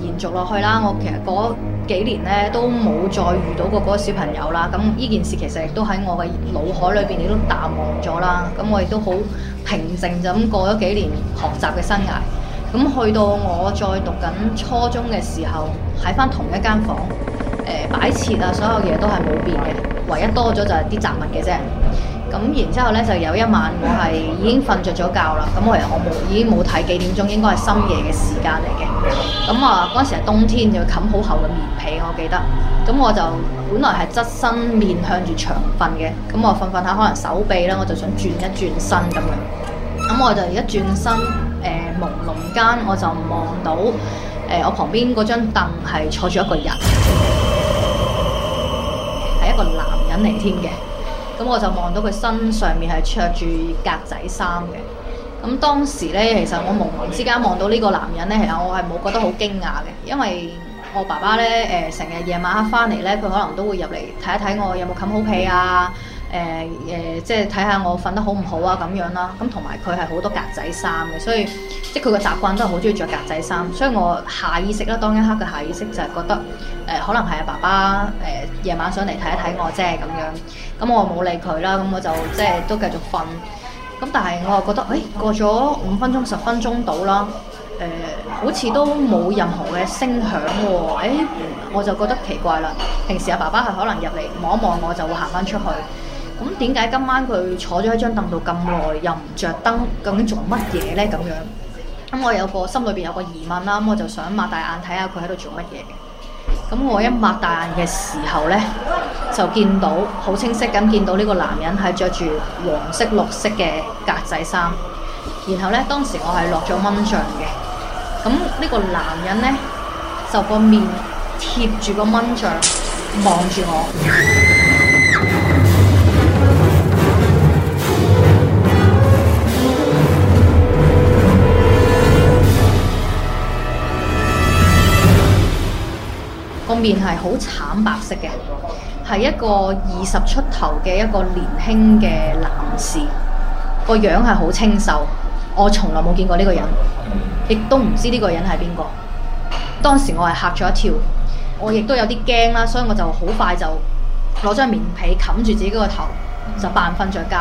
延續落去啦。我其實嗰幾年呢，都冇再遇到過嗰個小朋友啦。咁、嗯、呢件事其實亦都喺我嘅腦海裏邊亦都淡忘咗啦。咁、嗯、我亦都好平靜，咁過咗幾年學習嘅生涯。咁、嗯、去到我再讀緊初中嘅時候，喺翻同一間房，誒、呃，擺設啊，所有嘢都係冇變嘅，唯一多咗就係啲雜物嘅啫。咁然之後呢，就有一晚我係已經瞓着咗覺啦。咁我我冇已經冇睇幾點鐘，應該係深夜嘅時間嚟嘅。咁啊，嗰陣時係冬天，就要冚好厚嘅棉被，我記得。咁我就本來係側身面向住牆瞓嘅。咁我瞓瞓下，可能手臂咧，我就想轉一轉身咁樣。咁我就一轉身，朦朧間我就望到誒、呃、我旁邊嗰張凳係坐住一個人，係一個男人嚟添嘅。咁、嗯、我就望到佢身上面係着住格仔衫嘅。咁、嗯、當時咧，其實我朦朧之間望到呢個男人咧，其實我係冇覺得好驚訝嘅，因為我爸爸咧誒成日夜晚黑返嚟咧，佢可能都會入嚟睇一睇我有冇冚好被啊，誒、呃、誒、呃、即係睇下我瞓得好唔好啊咁樣啦。咁同埋佢係好多格仔衫嘅，所以即係佢個習慣都係好鍾意着格仔衫。所以我下意識啦，當一刻嘅下意識就係覺得誒、呃、可能係阿爸爸誒夜、呃、晚上嚟睇一睇我啫咁樣。咁我冇理佢啦，咁我就即係都繼續瞓。咁但係我又覺得，誒過咗五分鐘、十分鐘到啦，誒、呃、好似都冇任何嘅聲響喎、哦。誒我就覺得奇怪啦。平時阿爸爸係可能入嚟望一望我，就會行翻出去。咁點解今晚佢坐咗喺張凳度咁耐，又唔着燈，究竟做乜嘢呢？咁樣咁我有個心裏邊有個疑問啦，咁我就想擘大眼睇下佢喺度做乜嘢。咁我一擘大眼嘅時候呢，就見到好清晰咁見到呢個男人係着住黃色、綠色嘅格仔衫，然後呢，當時我係落咗蚊帳嘅，咁呢個男人呢，就個面貼住個蚊帳望住我。面係好慘白色嘅，係一個二十出頭嘅一個年輕嘅男士，個樣係好清秀，我從來冇見過呢個人，亦都唔知呢個人係邊個。當時我係嚇咗一跳，我亦都有啲驚啦，所以我就好快就攞張棉被冚住自己個頭，就扮瞓着覺。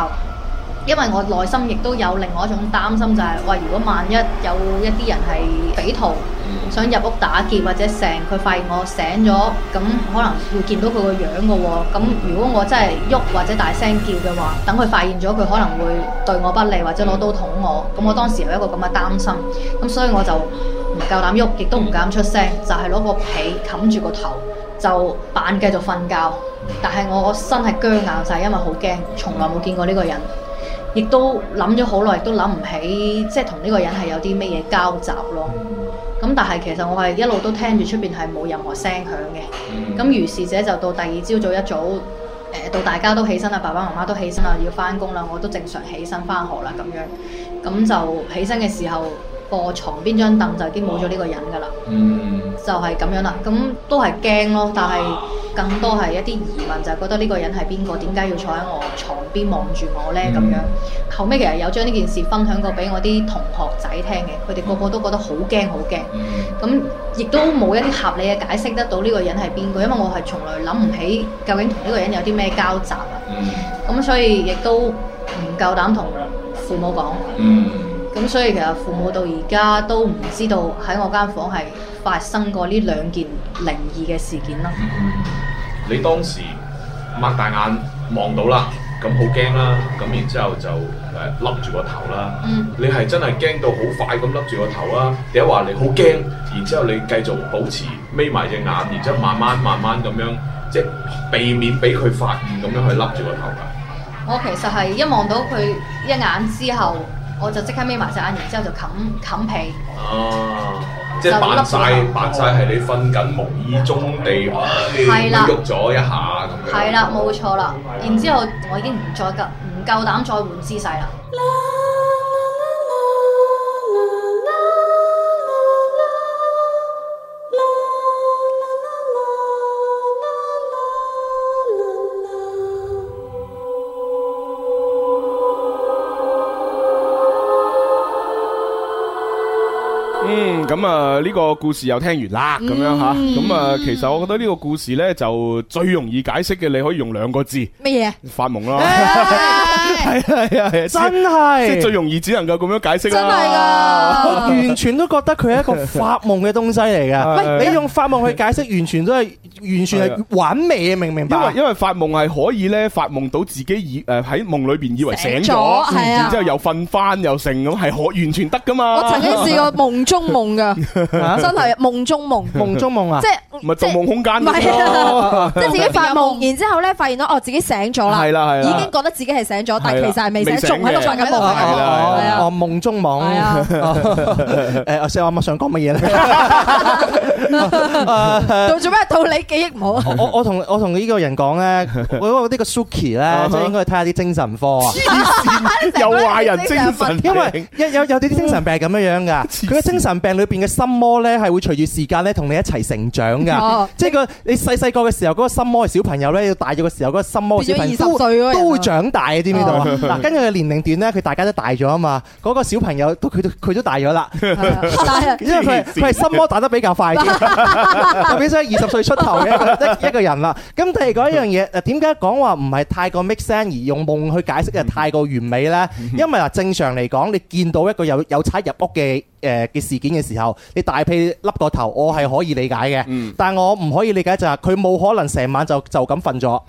因為我內心亦都有另外一種擔心，就是，就係，喂，如果萬一有一啲人係匪徒。想入屋打劫，或者成佢發現我醒咗，咁可能會見到佢個樣㗎喎、哦。咁如果我真係喐或者大聲叫嘅話，等佢發現咗，佢可能會對我不利或者攞刀捅我。咁我當時有一個咁嘅擔心，咁所以我就唔夠膽喐，亦都唔夠膽出聲，就係、是、攞個被冚住個頭，就扮繼續瞓覺。但係我個身係僵硬晒，就是、因為好驚，從來冇見過呢個人，亦都諗咗好耐，都諗唔起，即係同呢個人係有啲咩嘢交集咯。咁但係其實我係一路都聽住出邊係冇任何聲響嘅，咁如是者就到第二朝早一早，誒、呃、到大家都起身啦，爸爸媽媽都起身啦，要返工啦，我都正常起身返學啦咁樣，咁就起身嘅時候，我床邊張凳就已經冇咗呢個人㗎啦，嗯、就係咁樣啦。咁都係驚咯，但係更多係一啲疑問，就係覺得呢個人係邊個？點解要坐喺我床邊望住我呢？咁、嗯、樣後尾，其實有將呢件事分享過俾我啲同學仔聽嘅，佢哋個個都覺得好驚好驚。咁亦、嗯、都冇一啲合理嘅解釋得到呢個人係邊個，因為我係從來諗唔起究竟同呢個人有啲咩交集啊。咁、嗯、所以亦都唔夠膽同父母講。嗯咁所以其實父母到而家都唔知道喺我間房係發生過呢兩件靈異嘅事件啦、嗯。你當時擘大眼望到啦，咁好驚啦，咁然之後就誒笠住個頭啦。嗯、你係真係驚到好快咁笠住個頭啊？點解話你好驚？然之後你繼續保持眯埋隻眼，然之後慢慢慢慢咁樣，即避免俾佢發現咁樣去笠住個頭㗎。我其實係一望到佢一眼之後。我就即刻眯埋隻眼，然之後就冚冚被。哦、啊，即係扮晒，扮晒係你瞓緊無意中地喐咗 一下咁。係啦，冇錯啦。然之後我已經唔再夠唔夠膽再換姿勢啦。咁啊，呢個故事又聽完啦，咁樣吓。咁啊，其實我覺得呢個故事呢，就最容易解釋嘅，你可以用兩個字，乜嘢？發夢咯。係係係，真係即係最容易只能夠咁樣解釋啦，真係噶，我完全都覺得佢係一個發夢嘅東西嚟嘅。唔，你用發夢去解釋，完全都係完全係玩味？明唔明白？因為因為發夢係可以咧發夢到自己以誒喺夢裏邊以為醒咗，然之後又瞓翻又成咁，係可完全得噶嘛？我曾經試過夢中夢噶，真係夢中夢夢中夢啊！即係唔係盜夢空間，即係自己發夢，然之後咧發現到哦自己醒咗啦，係啦係已經覺得自己係醒咗，其實係未醒仲喺度做緊夢。哦夢中夢。誒，阿 Sir，我想講乜嘢咧？做做咩？套你記憶冇？我我同我同呢個人講咧，我覺得呢個 Suki 咧，就應該去睇下啲精神科啊，有壞人精神病，因為有有有啲精神病咁樣樣噶，佢嘅精神病裏邊嘅心魔咧，係會隨住時間咧同你一齊成長噶，即係個你細細個嘅時候嗰個心魔小朋友咧，要大咗嘅時候嗰個心魔小朋友都都會長大嘅，啲呢度。嗱，跟住佢嘅年齡段咧，佢大家都大咗啊嘛，嗰個小朋友都佢都佢都大咗啦，因為佢佢係心魔打得比較快啲，特別係二十歲出頭嘅一一個人啦。咁第二嗰一樣嘢誒，點解講話唔係太過 make sense 而用夢去解釋嘅太過完美咧？因為話正常嚟講，你見到一個有有賊入屋嘅誒嘅事件嘅時候，你大髀笠個頭，我係可以理解嘅，但係我唔可以理解就係佢冇可能成晚就就咁瞓咗，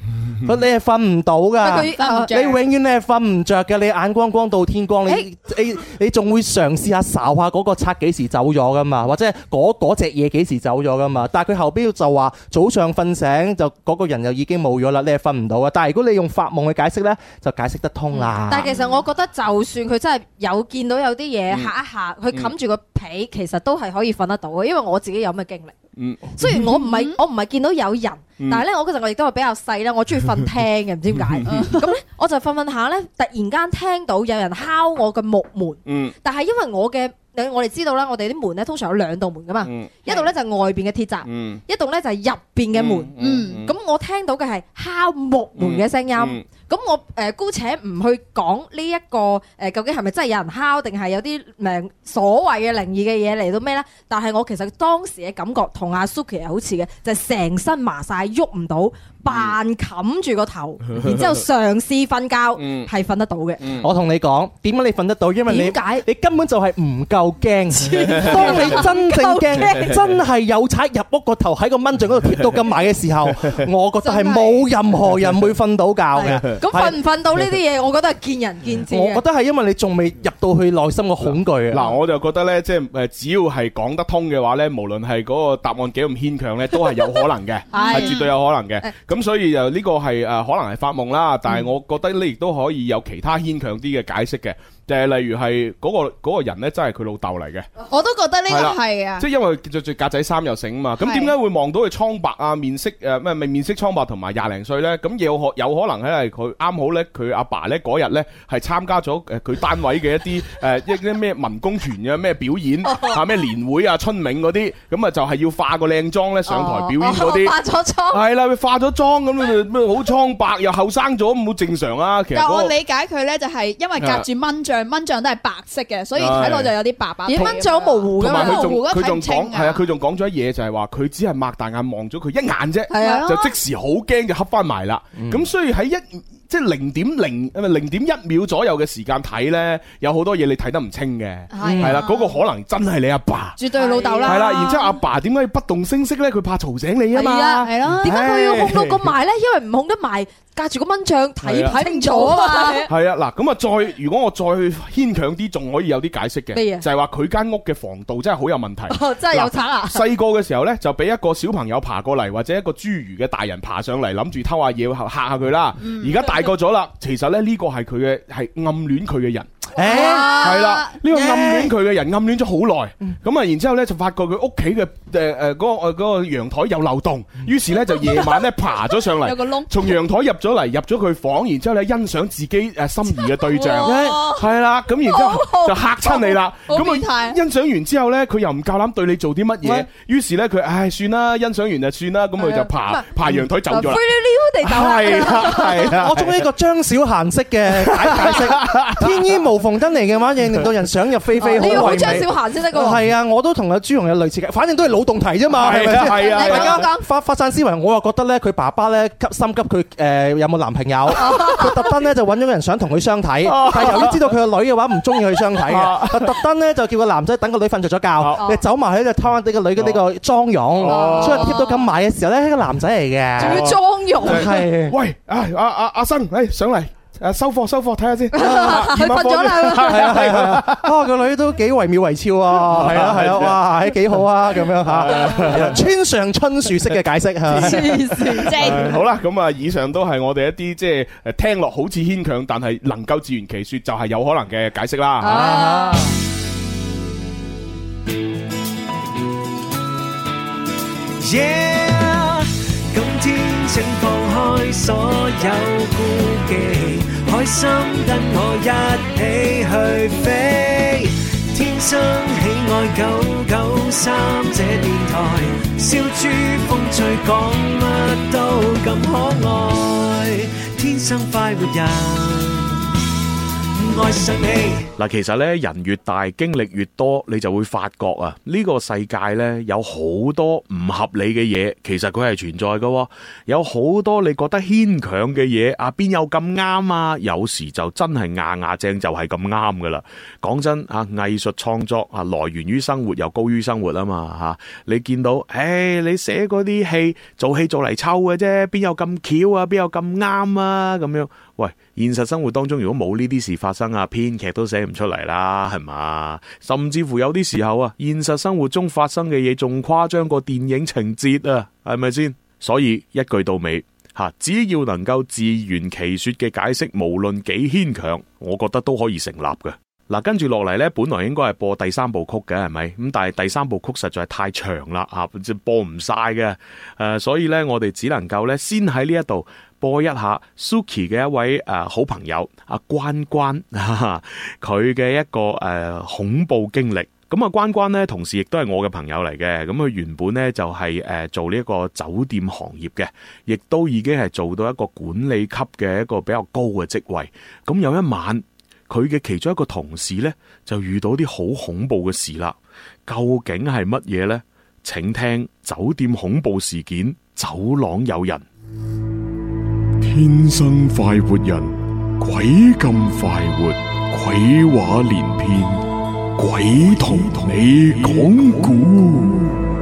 佢你係瞓唔到㗎，你永遠你係瞓唔着嘅，你眼光光到天光，你、欸、你仲會嘗試下睄下嗰個賊幾時走咗噶嘛？或者嗰嗰隻嘢幾時走咗噶嘛？但係佢後邊就話早上瞓醒就嗰個人又已經冇咗啦，你係瞓唔到啊！但係如果你用發夢去解釋咧，就解釋得通啦，嗯。但係其實我覺得，就算佢真係有見到有啲嘢吓一嚇，佢冚住個被，其實都係可以瞓得到嘅，因為我自己有咁嘅經歷。歷。嗯、雖然我唔係、嗯、我唔係見到有人，嗯、但係咧，我其實我亦都係比較細啦，我中意瞓廳嘅，唔知點解咁咧，我就瞓瞓下突然間聽到有人敲我嘅木門，嗯、但係因為我嘅我哋知道啦，我哋啲門咧通常有兩道門噶嘛，嗯、一道咧就係外邊嘅鐵閘，嗯、一道咧就係入邊嘅門，咁我聽到嘅係敲木門嘅聲音。嗯嗯咁我誒姑且唔去講呢一個誒究竟係咪真係有人敲定係有啲名所謂嘅靈異嘅嘢嚟到咩咧？但係我其實當時嘅感覺同阿 Suki 係好似嘅，就係成身麻曬喐唔到，扮冚住個頭，然之後嘗試瞓覺，係瞓得到嘅。我同你講點解你瞓得到？因為你你根本就係唔夠驚。當你真正驚，真係有賊入屋個頭喺個蚊帳嗰度貼到咁埋嘅時候，我覺得係冇任何人會瞓到覺嘅。咁瞓唔瞓到呢啲嘢，嗯、我覺得係見仁見智，我覺得係因為你仲未入到去內心個恐懼啊哇！嗱、嗯，我就覺得呢，即、就、係、是、只要係講得通嘅話呢，無論係嗰個答案幾咁牽強呢，都係有可能嘅，係 絕對有可能嘅。咁、哎、所以又呢個係誒、呃、可能係發夢啦，但係我覺得你亦都可以有其他牽強啲嘅解釋嘅。就係例如係嗰個嗰個人咧，真係佢老豆嚟嘅。我都覺得呢個係啊，即係因為着着格仔衫又醒啊嘛。咁點解會望到佢蒼白啊面色，誒咩咪面色蒼白同埋廿零歲咧？咁有可有可能係佢啱好咧佢阿爸咧嗰日咧係參加咗誒佢單位嘅一啲誒一啲咩文工團嘅咩表演啊咩年會啊春茗嗰啲，咁、嗯、啊就係、是、要化個靚妝咧上台表演嗰啲、哦。化咗妝係啦，化咗妝咁咪好蒼白又後生咗，咁好正常啊。其實、那個、我理解佢咧就係因為隔住蚊蚊帳都係白色嘅，所以睇落就有啲白白。而蚊帳模糊噶嘛，模糊、啊、一睇唔清，係啊、就是，佢仲講咗一嘢，就係話佢只係擘大眼望咗佢一眼啫，是啊、就即時好驚就合翻埋啦。咁、嗯、所以喺一即係零點零，零點一秒左右嘅時間睇呢，有好多嘢你睇得唔清嘅，係啦，嗰個可能真係你阿爸，絕對老豆啦。係啦，然之後阿爸點解不動聲色呢？佢怕吵醒你啊嘛。係啊，點解佢要控到咁埋呢？因為唔控得埋，隔住個蚊帳睇睇唔到啊。係啊，嗱，咁啊，再如果我再牽強啲，仲可以有啲解釋嘅，就係話佢間屋嘅防盜真係好有問題。真係有賊啊！細個嘅時候呢，就俾一個小朋友爬過嚟，或者一個侏儒嘅大人爬上嚟，諗住偷下嘢嚇下佢啦。而家大個咗啦，其實咧呢個係佢嘅係暗戀佢嘅人。誒，係啦，呢個暗戀佢嘅人暗戀咗好耐，咁啊，然之後咧就發覺佢屋企嘅誒誒嗰個嗰個陽台有漏洞，於是咧就夜晚咧爬咗上嚟，有個窿，從陽台入咗嚟，入咗佢房，然之後咧欣賞自己誒心儀嘅對象，係啦，咁然之後就吓親你啦，咁啊欣賞完之後咧，佢又唔夠膽對你做啲乜嘢，於是咧佢唉算啦，欣賞完就算啦，咁佢就爬爬陽台走咗啦，灰溜溜地走，係啦係啦，我中意呢個張小嫻式嘅解解釋，天衣無縫。馮登嚟嘅話，又令到人想入非非。你要張小嫻先得噶喎。係啊，我都同阿朱紅有類似嘅，反正都係腦洞題啫嘛。係啊，係啊。啱啱發發散思維，我又覺得咧，佢爸爸咧急心急佢誒有冇男朋友。佢特登咧就揾咗個人想同佢相睇，但係由於知道佢個女嘅話唔中意佢相睇，特登咧就叫個男仔等個女瞓著咗覺，你走埋去就睇下啲個女嘅呢個妝容，所以貼到咁埋嘅時候咧，係個男仔嚟嘅。仲要妝容係。喂，阿阿阿阿生，誒上嚟。誒，收貨收貨，睇下先，瞓咗啦，係啊係啊，啊個女都幾惟妙惟肖啊，係啊，係啊！哇，係幾好啊，咁樣吓，村上春樹式嘅解釋吓，好啦，咁啊，以上都係我哋一啲即係誒聽落好似牽強，但係能夠自圓其說就係有可能嘅解釋啦。所有顧忌，開心跟我一起去飛。天生喜愛九九三這電台，笑豬風趣，講乜都咁可愛。天生快活人，愛上你。嗱，其實咧，人越大，經歷越多，你就會發覺啊，呢個世界咧，有好多唔合理嘅嘢，其實佢係存在嘅，有好多你覺得牽強嘅嘢，啊，邊有咁啱啊？有時就真係牙牙正就係咁啱噶啦。講真，啊，藝術創作啊，來源於生活又高於生活啊嘛，吓。你見到，誒、哎，你寫嗰啲戲，做戲做嚟抽嘅啫，邊有咁巧啊？邊有咁啱啊？咁樣，喂，現實生活當中如果冇呢啲事發生啊，編劇都寫。唔出嚟啦，係嘛？甚至乎有啲時候啊，現實生活中發生嘅嘢仲誇張過電影情節啊，係咪先？所以一句到尾吓，只要能夠自圓其說嘅解釋，無論幾牽強，我覺得都可以成立嘅。嗱，跟住落嚟呢，本來應該係播第三部曲嘅，係咪？咁但係第三部曲實在太長啦，吓，播唔晒嘅。誒，所以呢，我哋只能夠呢，先喺呢一度。播一下 Suki 嘅一位誒、呃、好朋友阿、啊、關關，哈哈佢嘅一個誒、呃、恐怖經歷。咁、嗯、啊，關關咧，同時亦都係我嘅朋友嚟嘅。咁、嗯、佢原本咧就係、是、誒、呃、做呢一個酒店行業嘅，亦都已經係做到一個管理級嘅一個比較高嘅職位。咁、嗯、有一晚，佢嘅其中一個同事咧就遇到啲好恐怖嘅事啦。究竟係乜嘢咧？請聽酒店恐怖事件走廊有人。天生快活人，鬼咁快活，鬼話連篇，鬼同你講故。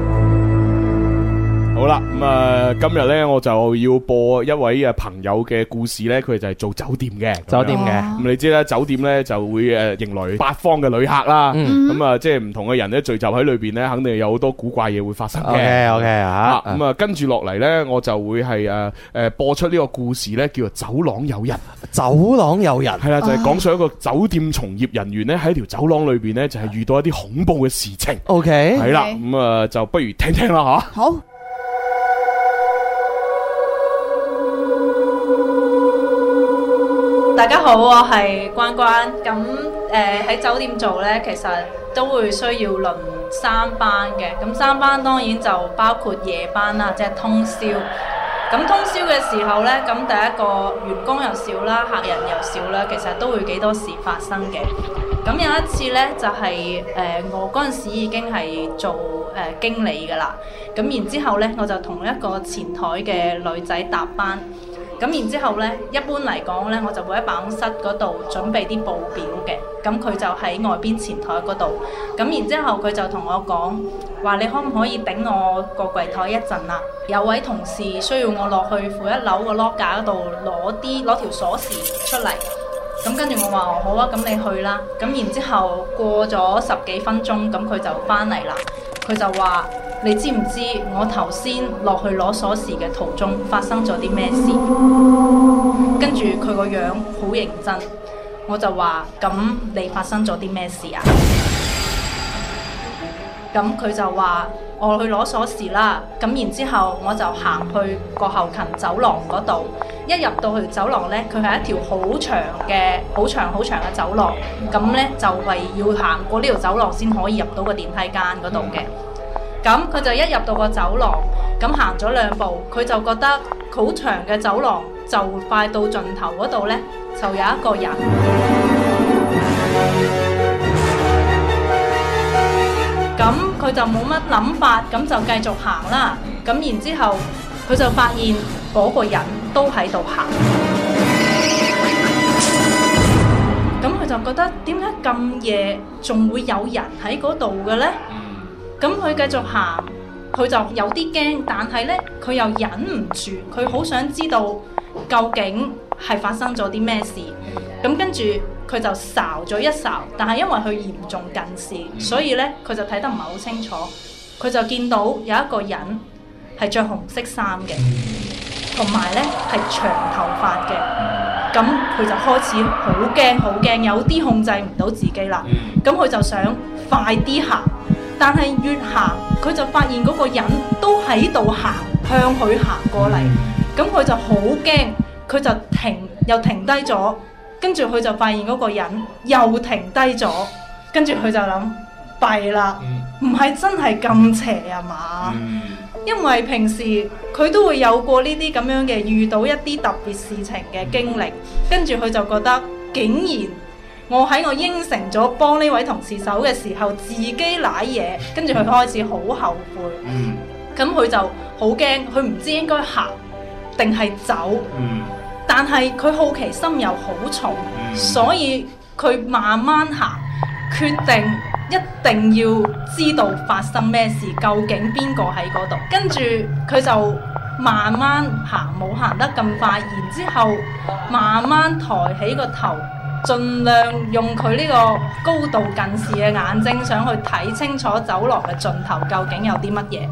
好啦，咁啊，今日咧我就要播一位誒朋友嘅故事咧，佢就係做酒店嘅，酒店嘅。咁你知啦，酒店咧就會誒迎來八方嘅旅客啦。咁啊，即係唔同嘅人咧聚集喺裏邊咧，肯定有好多古怪嘢會發生嘅。O K，吓，咁啊，跟住落嚟咧，我就會係誒誒播出呢個故事咧，叫做走廊有人。走廊有人係啦，就係講上一個酒店從業人員咧喺條走廊裏邊咧，就係遇到一啲恐怖嘅事情。O K，係啦，咁啊，就不如聽聽啦吓。好。大家好，我係關關。咁誒喺酒店做呢，其實都會需要輪三班嘅。咁三班當然就包括夜班啦，即係通宵。咁、嗯、通宵嘅時候呢，咁第一個員工又少啦，客人又少啦，其實都會幾多事發生嘅。咁、嗯、有一次呢，就係、是、誒、呃、我嗰陣時已經係做誒、呃、經理噶啦。咁然之後呢，我就同一個前台嘅女仔搭班。咁然之後呢，一般嚟講呢，我就會喺辦公室嗰度準備啲報表嘅。咁佢就喺外邊前台嗰度。咁然之後佢就同我講話：你可唔可以頂我個櫃台一陣啊？有位同事需要我落去負一樓個 locker 嗰度攞啲攞條鎖匙出嚟。咁跟住我話：好啊，咁你去啦。咁然之後過咗十幾分鐘，咁佢就返嚟啦。佢就話：你知唔知我頭先落去攞鎖匙嘅途中發生咗啲咩事？跟住佢個樣好認真，我就話：咁你發生咗啲咩事啊？咁佢就話：我去攞鎖匙啦。咁然之後，我就行去個後勤走廊嗰度。一入到去走廊呢，佢係一條好長嘅、好長好長嘅走廊。咁呢，就係要行過呢條走廊先可以入到個電梯間嗰度嘅。咁佢就一入到個走廊，咁行咗兩步，佢就覺得好長嘅走廊就快到盡頭嗰度呢，就有一個人。咁佢就冇乜諗法，咁就繼續行啦。咁然之後，佢就發現嗰個人都喺度行。咁佢就覺得，點解咁夜仲會有人喺嗰度嘅呢？咁佢繼續行，佢就有啲驚，但係呢，佢又忍唔住，佢好想知道究竟係發生咗啲咩事。咁跟住佢就睄咗一睄，但係因為佢嚴重近視，所以咧佢就睇得唔係好清楚。佢就見到有一個人係着紅色衫嘅，同埋咧係長頭髮嘅。咁佢就開始好驚好驚，有啲控制唔到自己啦。咁佢就想快啲行，但係越行佢就發現嗰個人都喺度行，向佢行過嚟。咁佢就好驚，佢就停，又停低咗。跟住佢就發現嗰個人又停低咗，跟住佢就諗：弊啦，唔係真係咁邪呀嘛？嗯、因為平時佢都會有過呢啲咁樣嘅遇到一啲特別事情嘅經歷，跟住佢就覺得竟然我喺我應承咗幫呢位同事手嘅時候，自己舐嘢，跟住佢開始好後悔。咁佢、嗯、就好驚，佢唔知應該行定係走。但係佢好奇心又好重，所以佢慢慢行，決定一定要知道發生咩事，究竟邊個喺嗰度？跟住佢就慢慢行，冇行得咁快，然之後慢慢抬起個頭，盡量用佢呢個高度近視嘅眼睛，想去睇清楚走廊嘅盡頭究竟有啲乜嘢。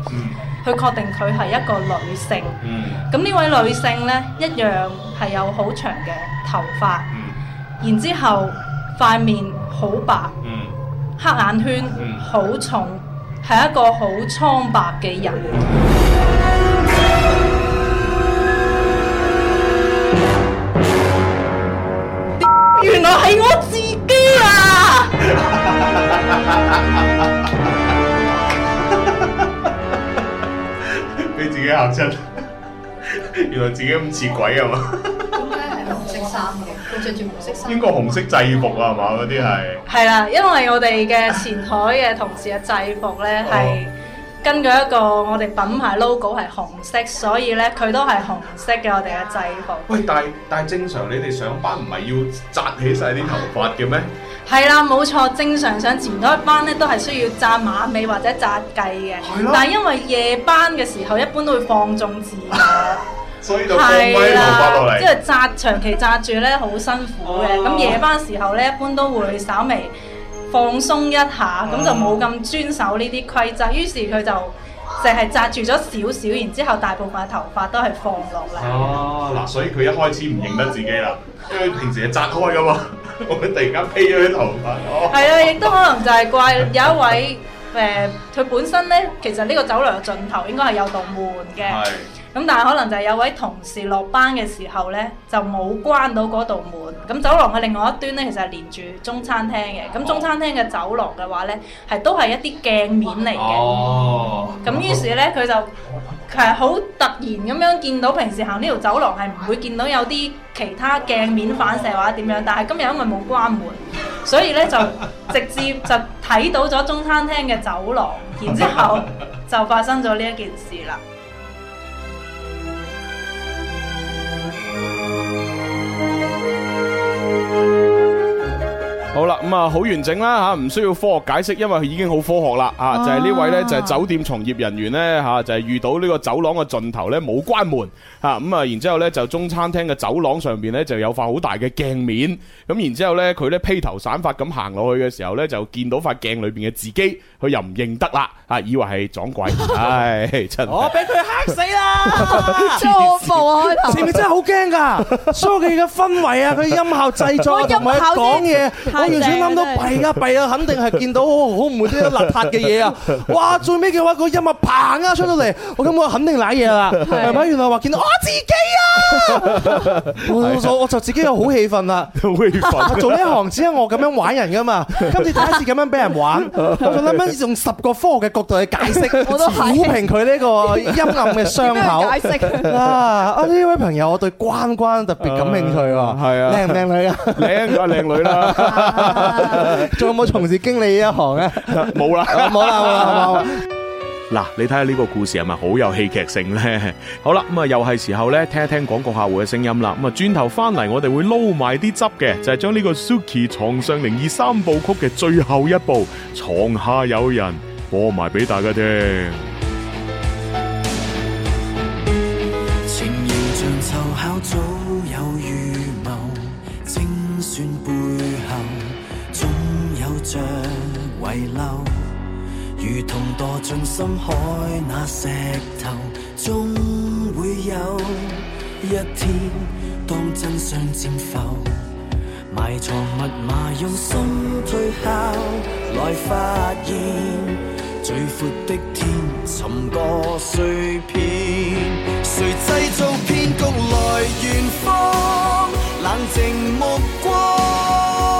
去確定佢係一個女性，咁呢、嗯、位女性呢，一樣係有好長嘅頭髮，嗯、然之後塊面好白，嗯、黑眼圈好重，係、嗯、一個好蒼白嘅人。原來係我自己啊！ 你自己喊出，原來自己咁似鬼啊嘛！點解係紅色衫嘅？佢著住紅色衫。應該紅色制服啊？係嘛，嗰啲係。係啦，因為我哋嘅前台嘅同事嘅制服咧，係、啊、根據一個我哋品牌 logo 係紅色，所以咧佢都係紅色嘅我哋嘅制服。喂，但係但係正常，你哋上班唔係要紮起晒啲頭髮嘅咩？ 係啦，冇錯，正常上前台一班咧都係需要紮馬尾或者紮髻嘅，啊、但係因為夜班嘅時候一般都會放縱自己，係啦， 即係紮長期紮住咧好辛苦嘅，咁、啊、夜班時候咧一般都會稍微放鬆一下，咁、啊、就冇咁遵守呢啲規則，於是佢就。淨係紮住咗少少，然之後大部分嘅頭髮都係放落嚟。哦、啊，嗱、啊，所以佢一開始唔認得自己啦，因為平時係紮開噶嘛，我佢突然間披咗啲頭髮。係啊，亦都可能就係怪有一位誒，佢、呃、本身咧，其實呢個走廊嘅盡頭應該係有道門嘅。咁但係可能就係有位同事落班嘅時候呢，就冇關到嗰道門。咁走廊嘅另外一端呢，其實係連住中餐廳嘅。咁中餐廳嘅走廊嘅話呢，係都係一啲鏡面嚟嘅。哦。咁於是呢，佢就係好突然咁樣見到平時行呢條走廊係唔會見到有啲其他鏡面反射或者點樣，但係今日因為冇關門，所以呢，就直接就睇到咗中餐廳嘅走廊，然之後就發生咗呢一件事啦。好啦，咁、嗯、啊好完整啦吓，唔、啊、需要科學解釋，因為佢已經好科學啦吓、啊，就係、是、呢位呢，就係、是、酒店從業人員呢。吓、啊，就係、是、遇到呢個走廊嘅盡頭呢，冇關門吓，咁啊，嗯、然之後咧就中餐廳嘅走廊上邊呢，就有塊好大嘅鏡面，咁、啊、然之後咧佢呢，呢披頭散髮咁行落去嘅時候呢，就見到塊鏡裏邊嘅自己。佢又唔認得啦，嚇！以為係撞鬼，唉，真我俾佢嚇死啦！恐怖啊！前面真係好驚噶，所以有佢嘅氛圍啊，佢音效製作同埋講嘢，我完全諗到弊啊弊啊，肯定係見到好滿啲邋遢嘅嘢啊！哇！最尾嘅話，個音效嘭啊出到嚟，我咁我肯定揦嘢啦！係咪？原來話見到我自己啊！我我就自己又好氣憤啦！氣憤！做呢一行只係我咁樣玩人噶嘛，今次第一次咁樣俾人玩，我仲諗緊。依仲十個科學嘅角度去解釋，我都好評佢呢個陰暗嘅傷口。解釋啊！啊呢位朋友，我對關關特別感興趣喎。係啊，靚唔靚女啊？靚，梗係靚女啦！仲有冇從事經理呢一行咧？冇啦，冇啦，好啦。嗱，你睇下呢個故事係咪好有戲劇性呢？ 好啦，咁啊又係時候咧聽一聽廣告客戶嘅聲音啦。咁啊轉頭翻嚟，我哋會撈埋啲汁嘅，就係將呢個 Suki 床上靈異三部曲嘅最後一部《床下有人》播埋俾大家聽。如同墮進深海，那石頭終會有一天，當真相漸浮，埋藏密碼，用心推敲來發現最闊的天，尋個碎片，誰製造騙局來圓謊？冷靜目光。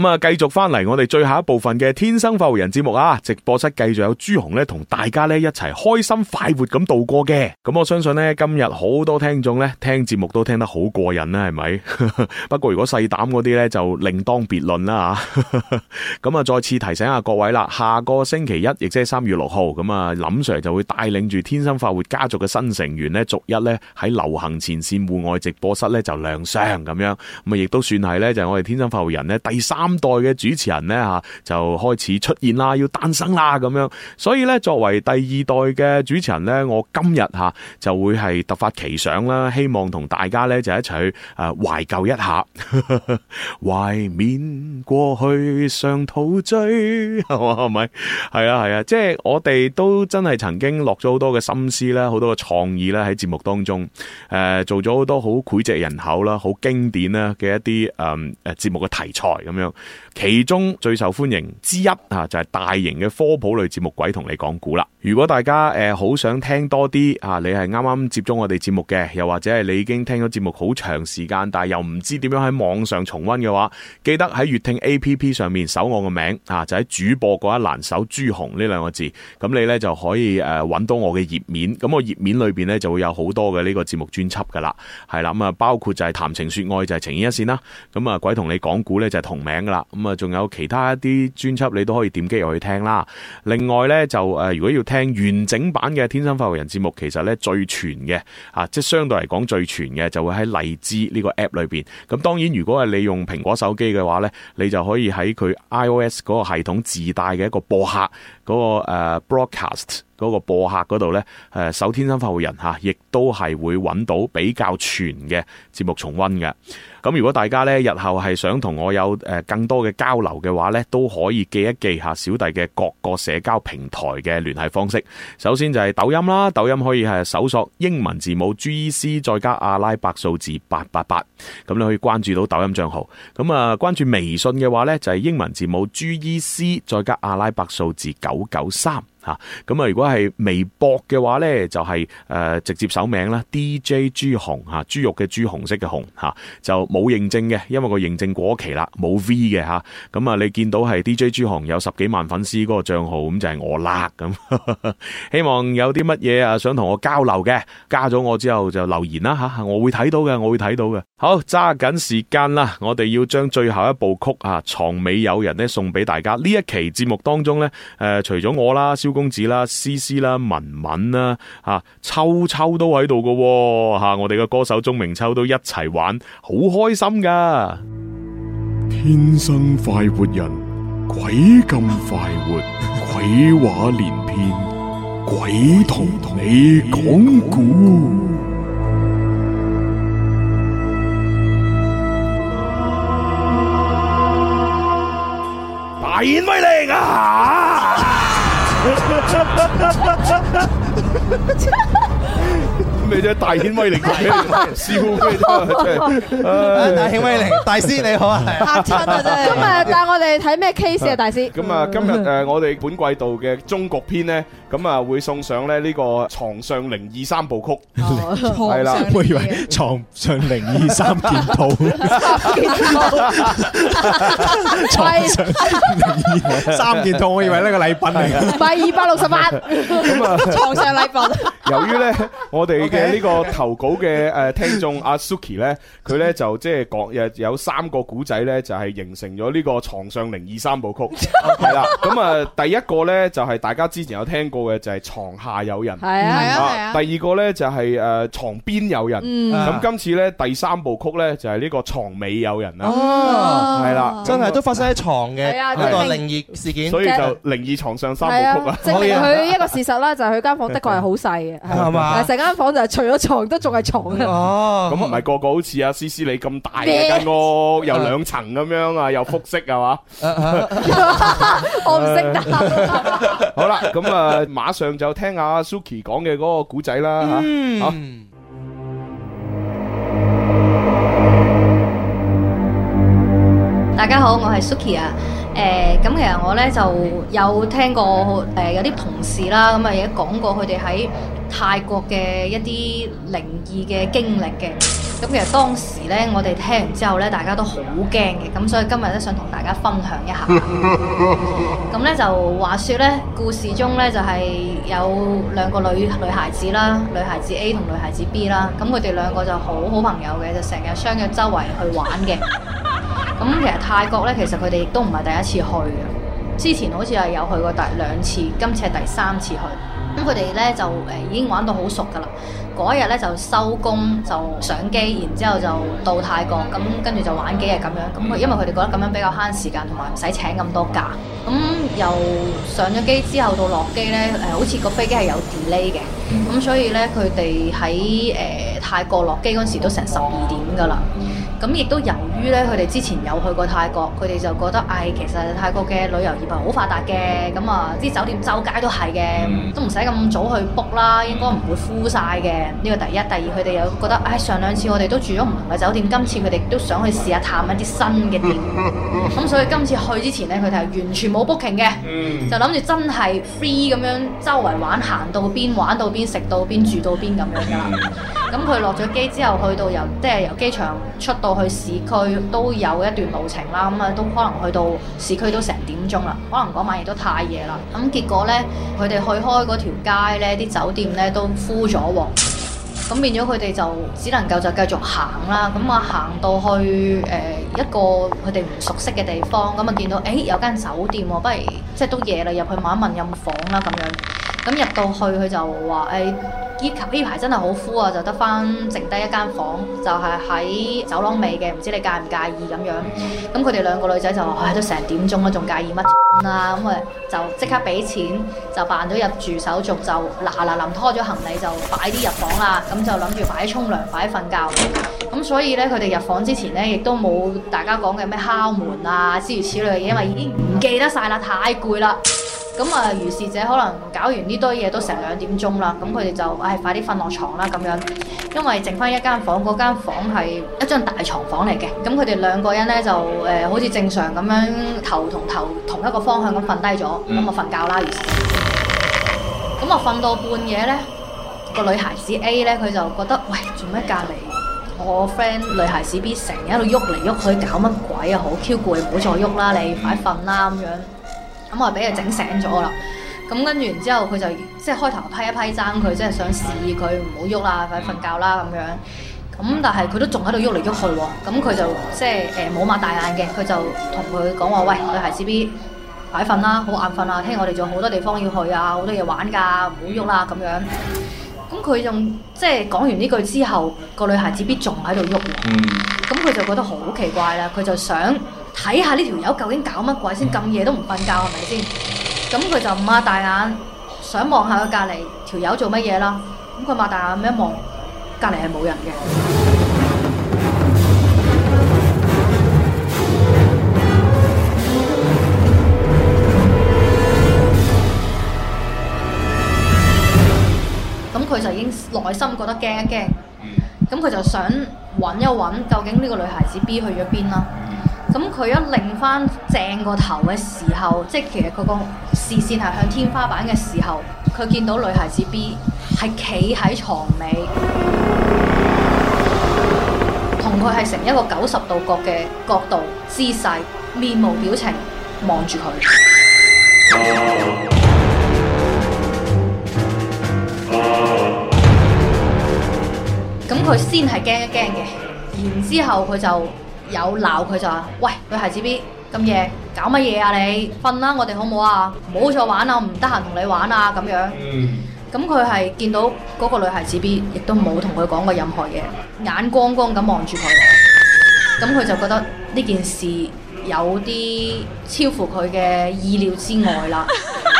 咁啊，繼續翻嚟我哋最後一部分嘅天生發育人節目啊！直播室繼續有朱紅咧，同大家咧一齊開心快活咁度過嘅。咁我相信咧，今日好多聽眾咧聽節目都聽得好過癮啦、啊，係咪？ 不過如果細膽嗰啲咧，就另當別論啦吓。咁啊，再次提醒下各位啦，下個星期一，亦即係三月六號，咁啊，林 Sir 就會帶領住天生發育家族嘅新成員咧，逐一咧喺流行前線戶外直播室咧就亮相咁樣。咁啊，亦都算係咧，就係、是、我哋天生發育人咧第三。今代嘅主持人呢，吓，就開始出現啦，要誕生啦咁樣。所以呢，作為第二代嘅主持人呢，我今日吓就會係突發奇想啦，希望同大家呢，就一齊去誒懷舊一下，懷 緬過去上陶醉。係？係咪？係啊係啊，即係、啊啊啊就是、我哋都真係曾經落咗好多嘅心思啦，好多嘅創意啦喺節目當中，誒、呃、做咗好多好膾炙人口啦、好經典啦嘅一啲誒誒節目嘅題材咁樣。其中最受歡迎之一啊，就係、是、大型嘅科普類節目《鬼同你講股》啦。如果大家誒好、呃、想聽多啲啊，你係啱啱接觸我哋節目嘅，又或者係你已經聽咗節目好長時間，但係又唔知點樣喺網上重溫嘅話，記得喺粵聽 A P P 上面搜我個名啊，就喺主播嗰一欄搜朱紅呢兩個字，咁你咧就可以誒搵、呃、到我嘅頁面。咁我頁面裏邊咧就會有好多嘅呢個節目專輯噶啦，係啦咁啊，包括就係談情說愛就係情意一線啦，咁啊鬼同你講股咧就係同名啦，咁啊，仲有其他一啲專輯，你都可以點擊入去聽啦。另外呢，就誒、呃，如果要聽完整版嘅《天生發圍人》節目，其實呢最全嘅，啊，即係相對嚟講最全嘅，就會喺荔枝呢個 app 裏邊。咁當然，如果係你用蘋果手機嘅話呢，你就可以喺佢 iOS 嗰個系統自帶嘅一個播客嗰、嗰個誒 broadcast。呃 Broad 嗰個播客嗰度呢，誒搜天生發、啊、號人嚇，亦都係會揾到比較全嘅節目重溫嘅。咁如果大家呢，日後係想同我有誒更多嘅交流嘅話呢，都可以記一記一下小弟嘅各個社交平台嘅聯繫方式。首先就係抖音啦，抖音可以係搜索英文字母 GEC 再加阿拉伯數字八八八，咁你可以關注到抖音帳號。咁啊，關注微信嘅話呢，就係、是、英文字母 GEC 再加阿拉伯數字九九三。吓咁啊！如果係微博嘅話呢，就係、是、誒、呃、直接搜名啦，D J 朱紅吓，豬、啊、肉嘅豬紅色嘅紅吓、啊，就冇認證嘅，因為個認證過期啦，冇 V 嘅吓。咁啊，啊，你見到係 D J 朱紅有十幾萬粉絲嗰個賬號，咁就係我啦。咁、啊、希望有啲乜嘢啊，想同我交流嘅，加咗我之後就留言啦吓、啊，我會睇到嘅，我會睇到嘅。好，揸緊時間啦，我哋要將最後一部曲啊，藏尾友人呢，送俾大家。呢一期節目當中呢，誒、呃、除咗我啦，小公子啦，詩詩啦，文文啦，吓秋秋都喺度噶，吓我哋嘅歌手鍾明秋都一齊玩，好開心噶。天生快活人，鬼咁快活，鬼話連篇，鬼同你講故，大眼威靈啊！未啫！大顯威靈大師，師傅飛真係。大顯威靈大師你好啊，客串啊真係。咁啊，帶我哋睇咩 case 啊，大師。咁啊，今日誒，我哋本季度嘅中國篇咧。咁啊、嗯，會送上咧呢個床上靈異三部曲，係、哦、啦，我以為床上靈異三件套。三件套，床上靈異三件套，我以為呢個禮品嚟。買二百六十八，啊床上禮品。由於咧，我哋嘅呢個投稿嘅誒聽眾阿 Suki 咧，佢咧就即係講有有三個古仔咧，就係形成咗呢個床上靈異三部曲，係 啦。咁、嗯、啊，第一個咧就係大家之前有聽過。嘅就係床下有人，係啊係啊，第二個咧就係誒床邊有人。咁今次咧第三部曲咧就係呢個床尾有人啦。係啦，真係都發生喺床嘅啊，呢個靈異事件，所以就靈異床上三部曲啊。證明佢一個事實啦，就係佢間房的確係好細嘅，係嘛？成間房就係除咗床都仲係床哦，咁唔係個個好似阿 C C 你咁大嘅，間屋有兩層咁樣啊，有複式係嘛？我唔識得。好啦，咁啊。馬上就聽阿 Suki 講嘅嗰個古仔啦嚇！嗯、好大家好，我係 Suki 啊。誒、呃，咁其實我呢，就有聽過誒、呃、有啲同事啦，咁啊亦都講過佢哋喺泰國嘅一啲靈異嘅經歷嘅。 咁其實當時咧，我哋聽完之後咧，大家都好驚嘅，咁所以今日咧想同大家分享一下。咁咧 就話説咧，故事中咧就係有兩個女女孩子啦，女孩子 A 同女孩子 B 啦，咁佢哋兩個就好好朋友嘅，就成日相約周圍去玩嘅。咁 其實泰國咧，其實佢哋亦都唔係第一次去，之前好似係有去過第兩次，今次係第三次去。咁佢哋咧就誒已經玩到好熟噶啦，嗰一日咧就收工就上機，然之後就到泰國，咁跟住就玩幾日咁樣。咁佢因為佢哋覺得咁樣比較慳時間，同埋唔使請咁多假。咁由上咗機之後到落機咧，誒好似個飛機係有 delay 嘅，咁、mm hmm. 所以咧佢哋喺誒泰國落機嗰陣時都成十二點噶啦。咁亦都由於咧，佢哋之前有去過泰國，佢哋就覺得唉、哎、其實泰國嘅旅遊業係好發達嘅，咁啊啲酒店周街都係嘅，都唔使咁早去 book 啦，應該唔會 full 晒嘅。呢個第一，第二佢哋又覺得唉、哎、上兩次我哋都住咗唔同嘅酒店，今次佢哋都想去試下探一啲新嘅店，咁 所以今次去之前咧，佢哋係完全冇 booking 嘅， 就諗住真係 free 咁樣周圍玩，行到邊玩到邊食到邊住到邊咁樣啦，咁佢落咗機之後去到由即係由機場出到。過去市區都有一段路程啦，咁、嗯、啊都可能去到市區都成點鐘啦，可能嗰晚亦都太夜啦，咁、嗯、結果咧，佢哋去開嗰條街咧，啲酒店咧都枯咗喎。咁變咗佢哋就只能夠就繼續行啦。咁啊行到去誒、呃、一個佢哋唔熟悉嘅地方，咁啊見到誒、欸、有間酒店喎，哦，不如即係都夜啦，入去問一問有冇房啦咁樣。咁入到去佢就話誒呢排呢排真係好枯啊，就得翻剩低一間房，就係喺走廊尾嘅，唔知你介唔介意咁樣。咁佢哋兩個女仔就話唉，哎，都成點鐘啦，仲介意乜啊？咁啊就即刻俾錢就辦咗入住手續，就嗱嗱臨拖咗行李就快啲入房啦就諗住快啲沖涼，快啲瞓覺。咁所以咧，佢哋入房之前咧，亦都冇大家講嘅咩敲門啊，諸如此類嘅嘢，因為已經唔記得晒啦，太攰啦。咁啊、呃，如是者可能搞完呢堆嘢都成兩點鐘啦。咁佢哋就唉、哎，快啲瞓落床啦，咁樣。因為剩翻一間房，嗰間房係一張大床房嚟嘅。咁佢哋兩個人咧就誒、呃，好似正常咁樣頭同頭同一個方向咁瞓低咗，咁啊瞓覺啦。如是，咁啊瞓到半夜咧。個女孩子 A 呢，佢就覺得喂，做咩隔籬我 friend 的女孩子 B 成日喺度喐嚟喐去，搞乜鬼啊？好 Q 攰，唔好再喐啦，你快瞓啦咁樣。咁我俾佢整醒咗啦。咁跟住然之後，佢就即係開頭批一批爭佢，即係想示意佢唔好喐啦，快瞓覺啦咁樣。咁但係佢都仲喺度喐嚟喐去喎。咁佢就即係冇擘大眼嘅，佢就同佢講話喂，女孩子 B 快瞓啦，好眼瞓啊，聽日我哋仲有好多地方要去啊，好多嘢玩噶，唔好喐啦咁樣。咁佢仲即係講完呢句之後，個女孩子必仲喺度喐。咁佢、嗯、就覺得好奇怪啦，佢就想睇下呢條友究竟搞乜鬼先，咁夜都唔瞓覺係咪先？咁佢就擘大眼想望下佢隔籬條友做乜嘢啦。咁佢擘大眼咁樣一望，隔籬係冇人嘅。就已經內心覺得驚一驚，咁佢、嗯、就想揾一揾究竟呢個女孩子 B 去咗邊啦。咁佢、嗯、一擰翻正個頭嘅時候，即係其實嗰個視線係向天花板嘅時候，佢見到女孩子 B 係企喺床尾，同佢係成一個九十度角嘅角度姿勢，面無表情望住佢。咁佢先係驚一驚嘅，然之後佢就有鬧佢就話，喂，女孩子 B，咁夜搞乜嘢啊你？你瞓啦，我哋好唔好啊？唔好再玩啦，我唔得閒同你玩啊！咁樣。咁佢係見到嗰個女孩子 B，亦都冇同佢講過任何嘢，眼光光咁望住佢，咁佢就覺得呢件事有啲超乎佢嘅意料之外啦。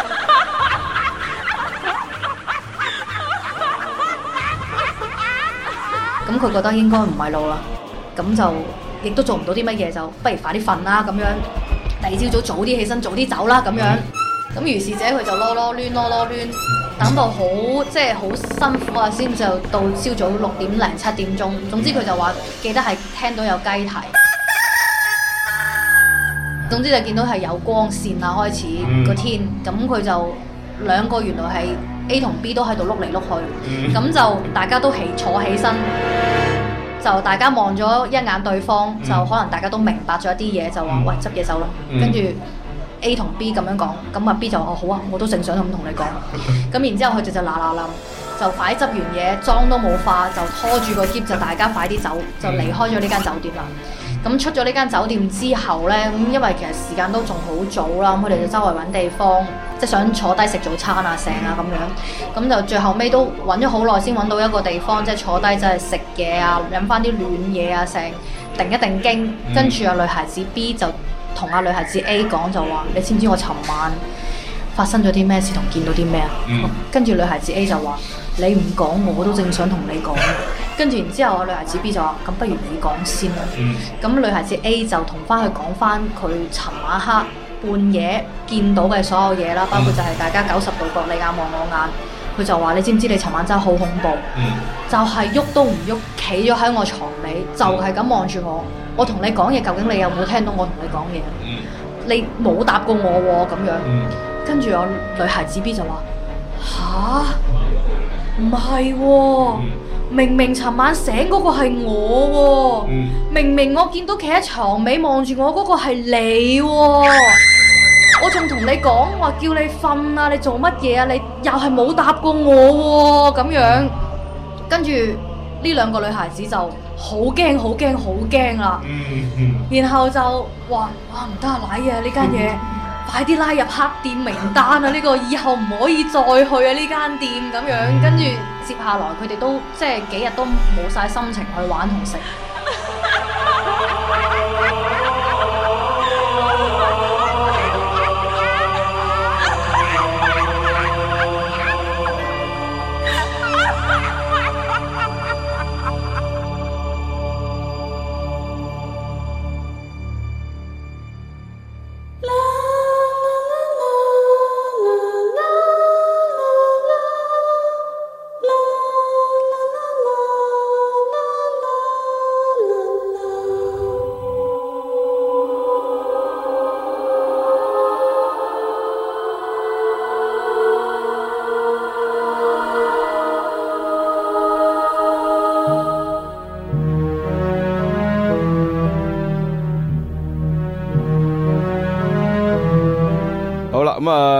佢覺得應該唔係路啦，咁就亦都做唔到啲乜嘢，就不如快啲瞓啦。咁樣第二朝早早啲起身，早啲走啦。咁樣咁、mm hmm. 如是者，佢就囉囉攣囉囉攣，等到好即係好辛苦啊，先至到朝早六點零七點鐘。總之佢就話記得係聽到有雞啼。Mm hmm. 總之就見到係有光線啦，開始、mm hmm. 個天。咁佢就兩個原來係 A 同 B 都喺度碌嚟碌去，咁、mm hmm. 就大家都起坐起身。就大家望咗一眼對方，嗯、就可能大家都明白咗一啲嘢，就話：嗯、喂，執嘢走啦！跟住、嗯、A 同 B 咁樣講，咁啊 B 就哦，好啊，我都正想咁同你講。咁 然之後佢就就嗱嗱冧，就快啲執完嘢，妝都冇化，就拖住個喼就大家快啲走，就離開咗呢間酒店啦。 咁出咗呢間酒店之後呢，咁因為其實時間都仲好早啦，咁佢哋就周圍揾地方，即係想坐低食早餐啊，成啊咁樣。咁就最後尾都揾咗好耐先揾到一個地方，即係坐低即係食嘢啊，飲返啲暖嘢啊，成。定一定驚。跟住啊，女孩子 B 就同啊女孩子 A 講就話：你知唔知我尋晚發生咗啲咩事同見到啲咩、嗯、啊？跟住女孩子 A 就話。你唔講，我都正想同你講。跟住然之後，我女孩子 B 就話：咁不如你講先啦。咁 女孩子 A 就同翻佢講翻佢尋晚黑半夜見到嘅所有嘢啦，包括就係大家九十度角你眼望我眼。佢就話：你知唔知你尋晚真係好恐怖？ 就係喐都唔喐，企咗喺我床尾，就係咁望住我。我同你講嘢，究竟你有冇聽到我同你講嘢？ 你冇答過我喎、哦，咁樣。 跟住我女孩子 B 就話：吓。唔係喎，明明尋晚醒嗰個係我喎、啊，明明我見到企喺床尾望住我嗰個係你喎、啊， 我仲同你講話，叫你瞓啊，你做乜嘢啊？你又係冇答過我喎、啊，咁樣，跟住呢兩個女孩子就好驚好驚好驚啦， 然後就話哇唔得啊，奶啊呢間嘢。快啲拉入黑店名單啊、呢個！呢個以後唔可以再去啊！呢間店咁樣，mm hmm. 跟住接下來佢哋都即係幾日都冇晒心情去玩同食。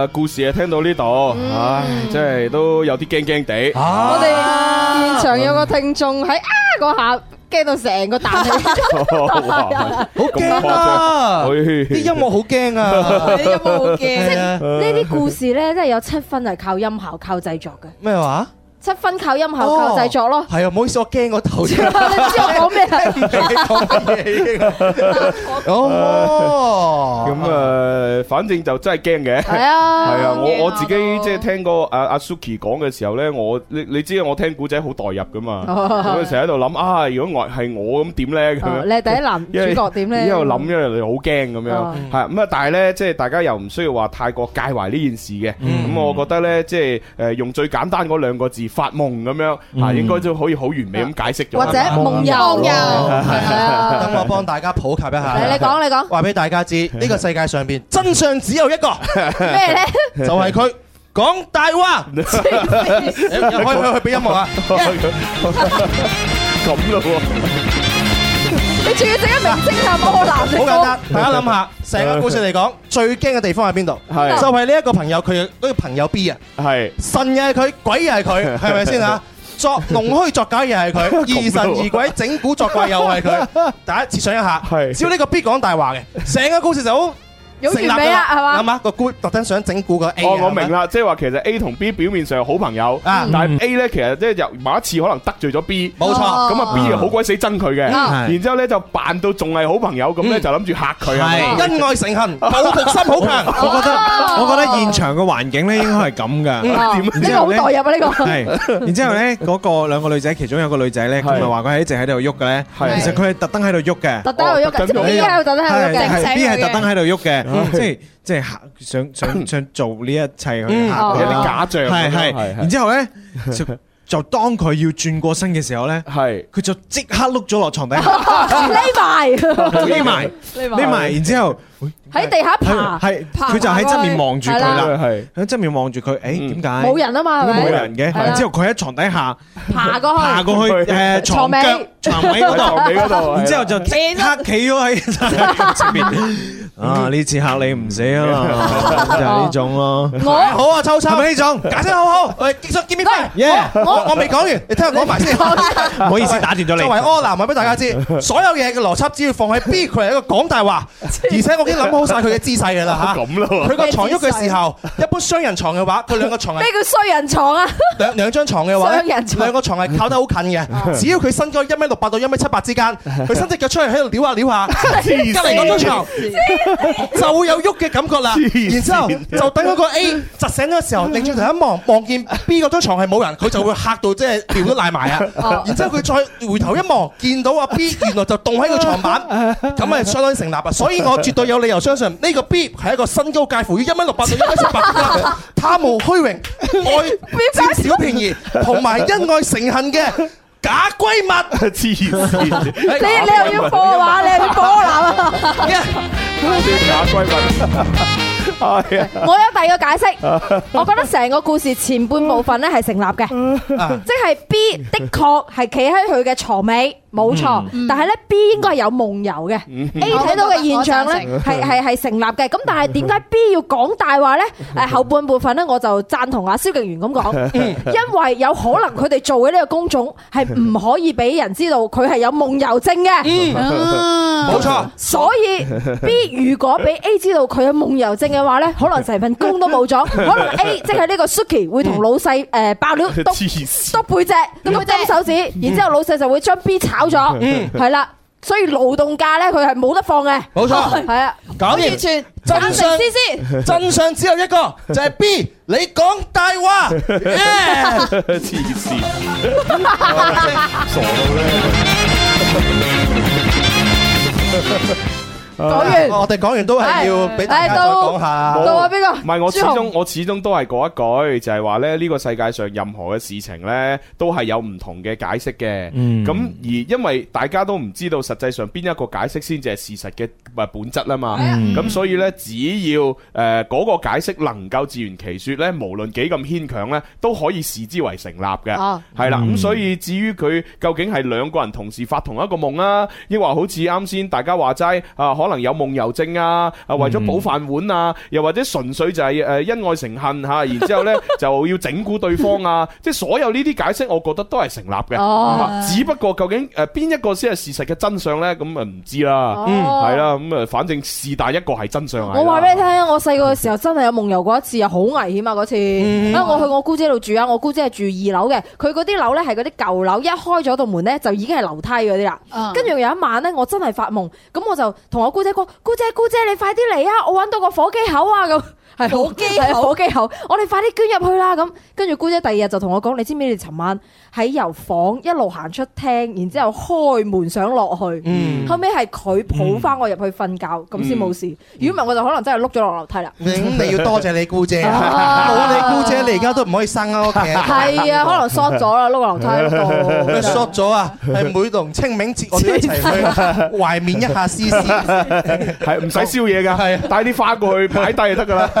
故事啊，聽到呢度，唉，真係都有啲驚驚地。我哋現場有個聽眾喺啊嗰下驚到成個彈，好驚啊！啲音樂好驚啊！啲音樂好驚啊！呢啲故事咧，真係有七分係靠音效、靠製作嘅。咩話？七分靠音效，靠製作咯。係啊，唔好意思，我驚個頭。你知我講咩啊？哦，咁誒，反正就真係驚嘅。係啊，係啊，我我自己即係聽過阿阿 Suki 講嘅時候咧，我你你知我聽古仔好代入噶嘛，咁成日喺度諗啊，如果我係我咁點咧咁樣？你第一男主角點咧？喺度諗，因為你好驚咁樣，係咁啊！但係咧，即係大家又唔需要話太過介懷呢件事嘅。咁我覺得咧，即係誒用最簡單嗰兩個字。發夢咁樣，啊，應該就可以好完美咁解釋咗，或者夢遊，等我幫大家普及一下。你講，你講，話俾大家知，呢個世界上邊真相只有一個咩咧？就係佢講大話，又可以可以俾音樂啊，咁嘞喎。住正一明星嘅磨難，好簡單。大家諗下，成個故事嚟講，最驚嘅地方喺邊度？係就係呢一個朋友，佢嗰個朋友 B 啊，係神又係佢，鬼又係佢，係咪先啊？作弄虛作假又係佢，疑神疑鬼整蠱作怪又係佢。大家設想一下，係只要呢個 B 講大話嘅，成個故事就好。成立啦，係嘛？個 good 特登想整蠱個 A。哦，我明啦，即係話其實 A 同 B 表面上係好朋友，但係 A 咧其實即係由某一次可能得罪咗 B。冇錯。咁啊 B 就好鬼死憎佢嘅，然之後咧就扮到仲係好朋友，咁咧就諗住嚇佢啊！恩愛成恨，報復心好強。我覺得我覺得現場嘅環境咧應該係咁噶，點？呢個好代入啊！呢個係。然之後咧，嗰個兩個女仔其中有個女仔咧，佢咪話佢係一直喺度喐嘅咧？其實佢係特登喺度喐嘅。特登喺度喐嘅，即係 B 喺度特登喺度喐嘅。B 係特登喺度喐嘅。即係即係想想想做呢一切去，有啲假象。係係然之後咧，就就當佢要轉過身嘅時候咧，係佢就即刻碌咗落床底，匿埋匿埋匿埋。然之後，喺地下爬，係佢就喺側面望住佢啦。喺側面望住佢，誒，點解冇人啊嘛？冇人嘅。之後佢喺床底下爬過去，爬過去誒，床腳、床尾嗰度，床尾嗰度。之後就即刻企咗喺側面。啊，呢次吓你唔死啊！就係呢種咯。我好啊，秋秋，呢種，解釋好好。喂，結束，見面。我我未講完，你聽我講埋先。唔好意思，打斷咗你。作為柯南，我話俾大家知，所有嘢嘅邏輯，只要放喺 B，佢係一個講大話，而且我已經諗好。鋪晒佢嘅姿勢㗎啦吓，佢個床喐嘅時候，一般雙人床嘅話，佢兩個床係咩叫雙人床啊？兩兩張床嘅話，雙人床兩個床係靠得好近嘅，只要佢身高一米六八到一米七八之間，佢伸隻腳出嚟喺度撩下撩下，隔籬嗰張床就會有喐嘅感覺啦。然之後就等嗰個 A 窒醒嘅時候，擰轉頭一望望見 B 嗰張床係冇人，佢就會吓到即係尿都瀨埋啊。然之後佢再回頭一望，見到阿 B 原來就凍喺個床板，咁啊相當成立啊。所以我絕對有理由。呢個 B 係一個身高介乎於一米六八到一米七八，貪慕虛榮、愛佔小便宜同埋因愛成恨嘅假閨蜜，黐線！你你又要破話，你又要破男啊？咩？假閨蜜，係啊！我有第二個解釋，我覺得成個故事前半部分咧係成立嘅，即係 B 的確係企喺佢嘅床尾。冇錯，但係咧 B 應該係有夢遊嘅，A 睇到嘅現象咧係係係成立嘅。咁但係點解 B 要講大話咧？誒後半部分咧我就贊同阿蕭敬源咁講，因為有可能佢哋做嘅呢個工種係唔可以俾人知道佢係有夢遊症嘅。嗯，冇錯、嗯。啊、所以 B 如果俾 A 知道佢有夢遊症嘅話咧，可能成份工都冇咗。可能 A 即係呢個 Suki 會同老細誒爆料，督督背脊，剁針手指，背脊 然之後老細就會將 B 炒。走咗，嗯，係啦，所以勞動假咧，佢係冇得放嘅，冇錯，係啊，搞完，真相，真相只有一個就係 B，你講大話，黐線，傻到咧。講完，哦、我哋講完都係要俾大家再講下。邊個、哎？唔係我始終，我始終都係嗰一句，就係話咧，呢、這個世界上任何嘅事情呢，都係有唔同嘅解釋嘅。咁、嗯、而因為大家都唔知道實際上邊一個解釋先至係事實嘅本質啊嘛。咁、嗯、所以呢，只要誒嗰個解釋能夠自圓其說呢，無論幾咁牽強呢，都可以視之為成立嘅。係、啊嗯、啦，咁所以至於佢究竟係兩個人同時發同一個夢啊，抑或好似啱先大家話齋啊，可能可能有夢遊症啊，啊為咗補飯碗啊，又或者純粹就係誒恩愛成恨吓，啊，然之後咧就要整蠱對方啊，即係 所有呢啲解釋，我覺得都係成立嘅。哦啊，只不過究竟誒邊一個先係事實嘅真相咧？咁啊，唔知啦。嗯，係啦，哦，咁啊反正事大一個係真相啊。我話俾你聽，我細個嘅時候真係有夢遊過一次，啊好危險啊嗰次。啊、嗯，我去我姑姐度住啊，我姑姐係住二樓嘅，佢嗰啲樓咧係嗰啲舊樓，一開咗道門咧就已經係樓梯嗰啲啦。跟住，嗯、有一晚咧，我真係發夢，咁我就同我。姑姐講，姑姐姑姐，你快啲嚟啊！我揾到個火機口啊咁。係好激好激口！我哋快啲捐入去啦！咁，跟住姑姐第二日就同我講，你知唔知？你尋晚喺油房一路行出廳，然之後開門想落去，後尾係佢抱翻我入去瞓覺，咁先冇事。如果唔係，我就可能真係碌咗落樓梯啦。咁你要多謝你姑姐，冇你姑姐，你而家都唔可以生喺屋企。係啊，可能 short 咗啦，碌個樓梯度 short 咗啊。係每逢清明節我哋一齊去懷緬一下思思，係唔使燒嘢噶，帶啲花過去擺低就得噶啦。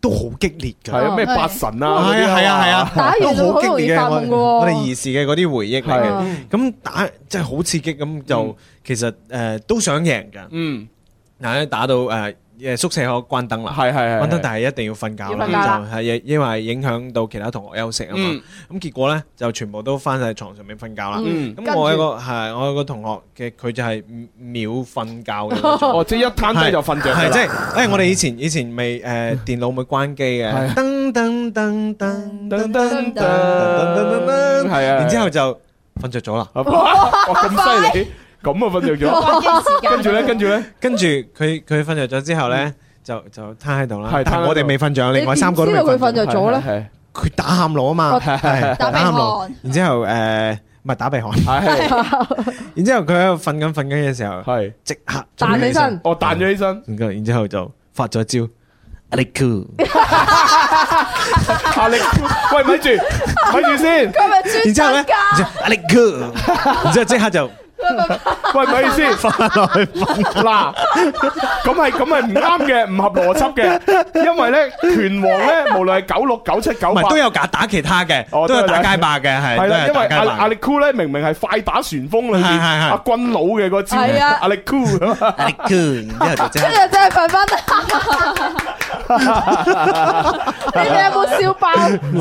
都好激烈嘅。哦，係咩對八神啊？係啊係啊係啊，都好些的激烈嘅。 我哋兒時嘅嗰啲回憶，嚟嘅的！咁打真係好刺激。咁、嗯、就其實誒、呃、都想贏嘅。嗯，嗱，打到誒。呃誒，宿舍可以關燈啦，係係係，關燈，但係一定要瞓覺，就係因為影響到其他同學休息啊嘛。咁結果咧就全部都翻晒床上面瞓覺啦。咁我有個係我有個同學嘅，佢就係秒瞓覺，即係一攤低就瞓着。係即係，誒，我哋以前以前未誒電腦唔會關機嘅，噔噔噔噔噔噔噔噔噔，係啊。然之後就瞓着咗啦。哇，咁犀利！咁啊，瞓着咗，跟住咧，跟住咧，跟住佢佢瞓着咗之後咧，就就癱喺度啦。係，但係我哋未瞓着，另外三個都未瞓着。點解會瞓着早咧？佢打喊羅啊嘛，係打喊羅。然之後誒，唔係打鼻鼾。係。然之後佢喺度瞓緊瞓緊嘅時候，係即刻彈起身。我彈咗起身。然之後，然之後就發咗招，阿力哥。阿力，喂，咪住，咪住先。佢係咪專家？阿力哥。然之後即刻就。喂，唔好意思，粉蜜嗱，咁係咁係唔啱嘅，唔合邏輯嘅，因為咧拳王咧，無論係九六九七九八，都有打打其他嘅，都有打街霸嘅，係，係因為阿阿力酷咧，明明係快打旋風裏邊阿軍佬嘅個招，係啊，阿力酷，阿力即今日真係粉，你哋有冇笑爆？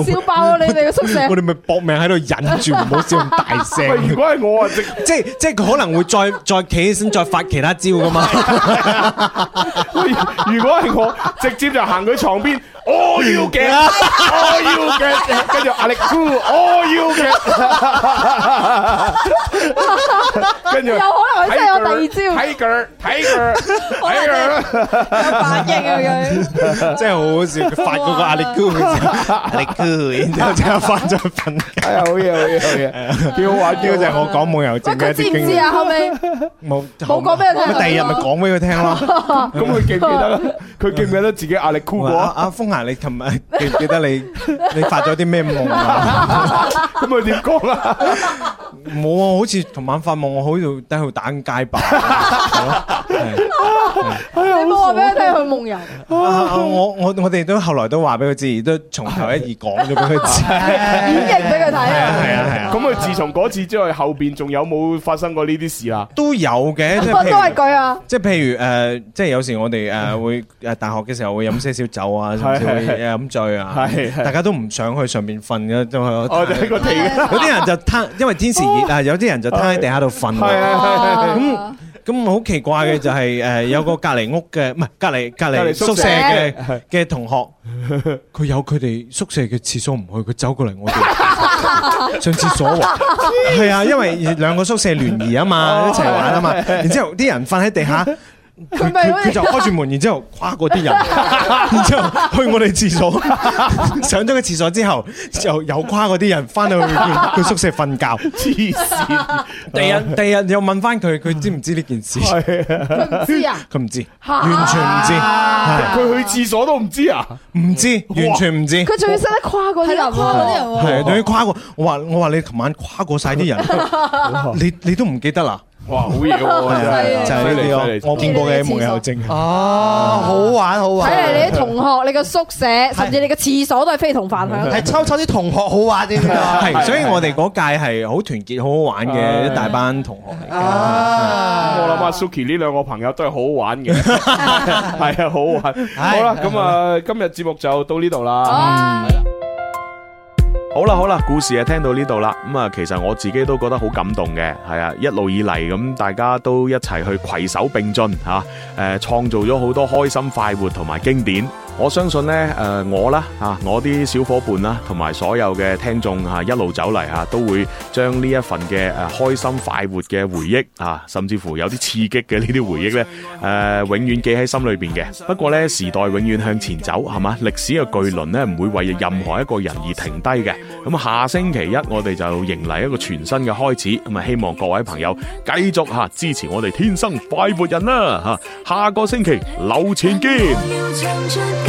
笑爆咗你哋嘅宿舍？我哋咪搏命喺度忍住唔好笑咁大聲。喂，如果係我啊，即即即。佢可能會再再企起身，再發其他招㗎嘛？ 如果係我，直接就行佢床邊。all you get，all you get，跟住壓力 cool，all you get，跟住有可能佢真係我第二招睇佢，睇佢，睇佢，有反應啊佢個樣，真係好好笑，發嗰個壓力 cool，壓力 cool，然之後真係翻咗瞓，係啊，好嘢，好嘢，好嘢，幾好玩，幾好正，我講夢遊症嘅一啲經驗，知唔知啊？後尾冇冇講俾佢聽，咁第二日咪講俾佢聽咯，咁佢記唔記得啦？佢記唔記得自己壓力 cool 過啊？阿峰啊！你琴日記唔記得你你發咗啲咩夢啊？咁佢點講啊？冇啊，好似琴晚發夢，我好似喺度喺度打緊街霸。你冇話俾佢聽佢夢人。我我我哋都後來都話俾佢知，都從頭一二講咗俾佢知。演繹俾佢睇啊！係啊，係啊。咁佢自從嗰次之後，後邊仲有冇發生過呢啲事啊？都有嘅，即係都係佢啊。即係譬如誒，即係有時我哋誒會誒大學嘅時候會飲些少酒啊。飲醉啊，係大家都唔想去上面瞓嘅，都係我。我就喺個地。有啲人就攤，因為天時熱啊，有啲人就攤喺地下度瞓。咁咁好奇怪嘅就係，誒，有個隔籬屋嘅，唔係隔籬隔籬宿舍嘅嘅同學，佢有佢哋宿舍嘅廁所唔去，佢走過嚟我哋上廁所玩。係啊，因為兩個宿舍聯誼啊嘛，一齊玩啊嘛，然之後啲人瞓喺地下。佢佢就開住門，然之後跨過啲人， 然之後去我哋廁所， 上咗個廁所之後又又跨過啲人，翻去佢宿舍瞓覺。黐線！第日二 第日又問翻佢，佢知唔知呢件事？佢唔 知啊！佢唔知，完全唔知。佢 去廁所都唔知啊！唔知，完全唔知。佢仲要識得跨過啲人，跨嗰啲人喎。係仲要跨過？我話我話你琴晚跨過晒啲人，哇你你都唔記得啦。哇，好嘢嘅，就係呢啲咯，我見過嘅門口精啊，好玩好玩，睇嚟你啲同學、你個宿舍，甚至你個廁所都係非同凡響。係抽抽啲同學好玩啲，係，所以我哋嗰屆係好團結、好好玩嘅一大班同學嚟嘅。我諗阿 Suki 呢兩個朋友都係好好玩嘅，係啊，好玩。好啦，咁啊，今日節目就到呢度啦。好啦，好啦，故事啊聽到呢度啦，咁啊，其實我自己都覺得好感動嘅，係啊，一路以嚟咁，大家都一齊去攜手並進，吓、啊，誒、呃，創造咗好多開心快活同埋經典。我相信呢，誒，我啦，啊，我啲小伙伴啦，同埋所有嘅聽眾吓，一路走嚟，吓都會將呢一份嘅，誒，開心快活嘅回憶啊，甚至乎有啲刺激嘅呢啲回憶呢，誒、呃，永遠記喺心裏邊嘅。不過呢，時代永遠向前走，係嘛？歷史嘅巨輪呢，唔會為任何一個人而停低嘅。咁下星期一，我哋就迎嚟一個全新嘅開始。咁啊，希望各位朋友繼續吓支持我哋天生快活人啦，吓，下個星期留前見。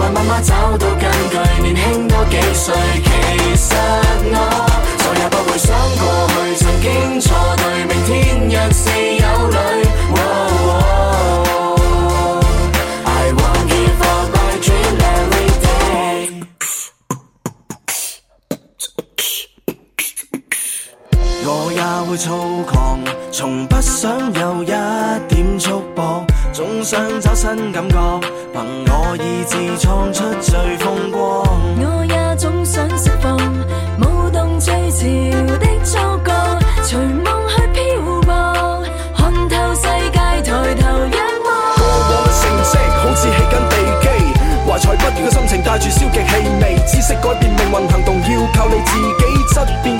為媽媽找到根據，年輕多幾歲，其實我再也不會想過去曾經錯對，明天若是有淚。Wow, wow, I won't give up my dream every day。我也會躁狂，從不想有一點束縛。總想找新感覺，憑我意志創出最風光。我也總想釋放，舞動最潮的觸覺，隨夢去漂泊，看透世界，抬頭仰望。過往嘅成績好似起緊地基，懷才不遇嘅心情帶住消極氣味，知識改變命運，行動要靠你自己質變。